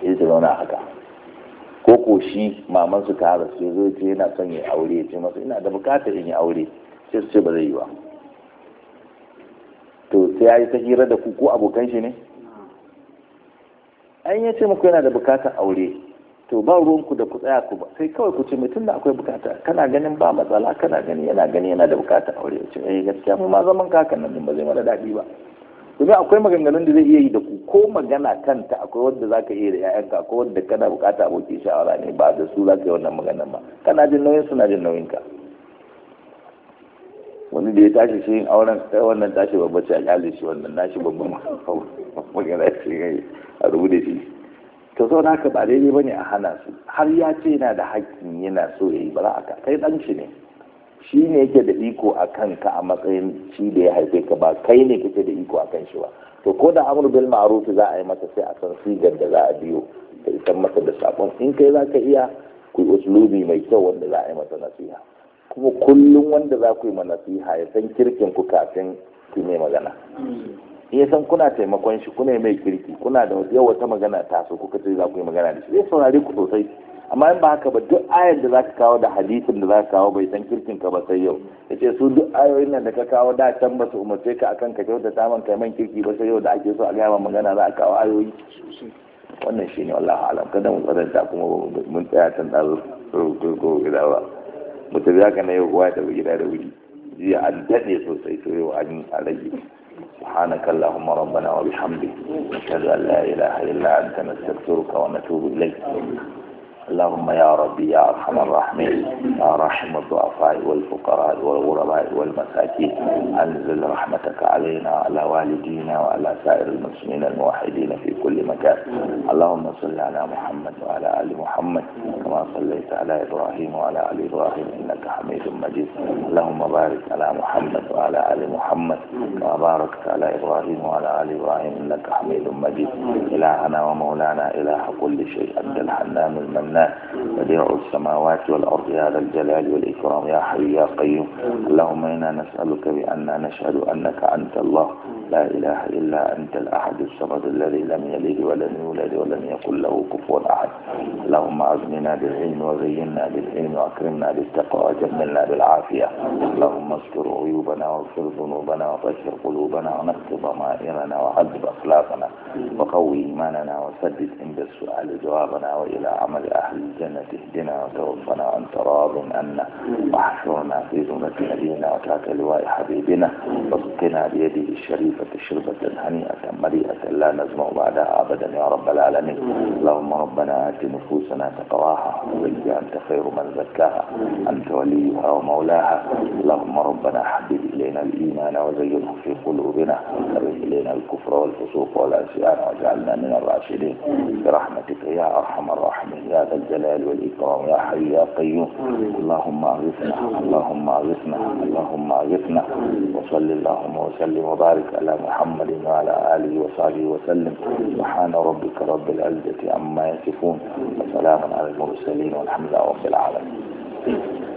sai su zauna haka ko ko shi maman su ta rasu ya zo ce yana son ya aure ya ce masa ina da bukatar yin aure sai su ce ba zai yi ba to sai ya yi ta hira da ku ko abokan shi ne an ya ce muku yana da bukatar aure to ba ruwanku da ku tsaya ku ba sai kawai ku ce mutum da akwai bukata kana ganin ba matsala kana gani yana gani yana da bukatar aure ya ce eh gaskiya mu ma zaman ka nan ba zai mana daɗi ba domin akwai maganganun da zai iya yi da ku ko magana kanta akwai wanda zaka ka iya da ƴaƴanka akwai wanda kana bukata abokin shawara ne ba da su za ka yi wannan maganan ba kana jin nauyin suna jin nauyin ka. wani da ya tashi shi auren kai wannan tashi babba ce a kyale shi wannan nashi babban magana shi gai a rubuta shi to sau ka ba daidai ba ne a hana su har ya ce yana da haƙƙi yana so ya yi ba za kai ɗan shi ne shi ne yake da iko a kanka a matsayin shi da ya haife ka ba kai ne kake da iko a kan shi ba to ko da amur bil ma'ruf za a yi masa sai a san sigar da za a biyo ta isar masa da sakon in kai za ka iya ku uslubi mai kyau wanda za a yi masa nasiha kuma kullum wanda za ku yi nasiha ya san kirkin ku kafin ki mai magana in ya san kuna taimakon shi kuna mai kirki kuna da yau wata magana ta so kuka ce za ku yi magana da shi zai saurare ku sosai amma in ba haka ba duk ayar da za ka kawo da hadisin da za ka kawo bai san kirkin ka ba sai yau ya ce su duk ayoyin nan da ka kawo da can ba su umarce ka akan ka kyauta samun kai man kirki ba sai yau da ake so a gaya magana za a kawo ayoyi wannan shi ne wallahu alam kada mu tsananta kuma mun tsaya can da zo ko gida ba mu ya haka na yau kowa da gida da wuri jiya an daɗe sosai to yau an rage سبحانك اللهم ربنا وبحمدك نشهد أن لا إله إلا أنت نستغفرك ونتوب إليك اللهم يا ربي يا أرحم الراحمين يا رحم الضعفاء والفقراء والغرباء والمساكين أنزل رحمتك علينا وعلى والدينا وعلى سائر المسلمين الموحدين في كل مكان اللهم صل على محمد وعلى آل محمد كما صليت على إبراهيم وعلى آل إبراهيم إنك حميد مجيد اللهم بارك على محمد وعلى آل محمد كما باركت على إبراهيم وعلى آل إبراهيم إنك حميد مجيد إلهنا ومولانا إله كل شيء أنت الحنان المنان الله بديع السماوات والأرض يا ذا الجلال والإكرام يا حي يا قيوم اللهم إنا نسألك بأن نشهد أنك أنت الله لا إله إلا أنت الأحد الصمد الذي لم يلد ولم يولد ولم يكن له كفوا أحد اللهم أغننا بالعلم وزينا بالعلم وأكرمنا بالتقوى وجملنا بالعافية اللهم استر عيوبنا واغفر ذنوبنا وطهر قلوبنا ونقض ضمائرنا وعذب أخلاقنا وقوي إيماننا وسدد عند السؤال جوابنا وإلى عمل أهل الجنة اهدنا وتوفنا عن تراض أن واحشرنا في زمرة نبينا وتحت لواء حبيبنا واسقنا بيده الشريفة شربة هنيئة مليئة لا نزمع بعدها أبدا يا رب العالمين اللهم ربنا آت نفوسنا تقواها وانت أنت خير من زكاها أنت وليها ومولاها اللهم ربنا حبب إلينا الإيمان وزينه في قلوبنا وكره إلينا الكفر والفسوق والعصيان واجعلنا من الراشدين برحمتك يا أرحم الراحمين يا ذا الجلال والإكرام يا حي يا قيوم اللهم أغثنا اللهم أغثنا اللهم أغثنا وصل اللهم وسلم وبارك على محمد وعلى آله وصحبه وسلم سبحان ربك رب العزة عما يصفون وسلام على المرسلين والحمد لله رب العالمين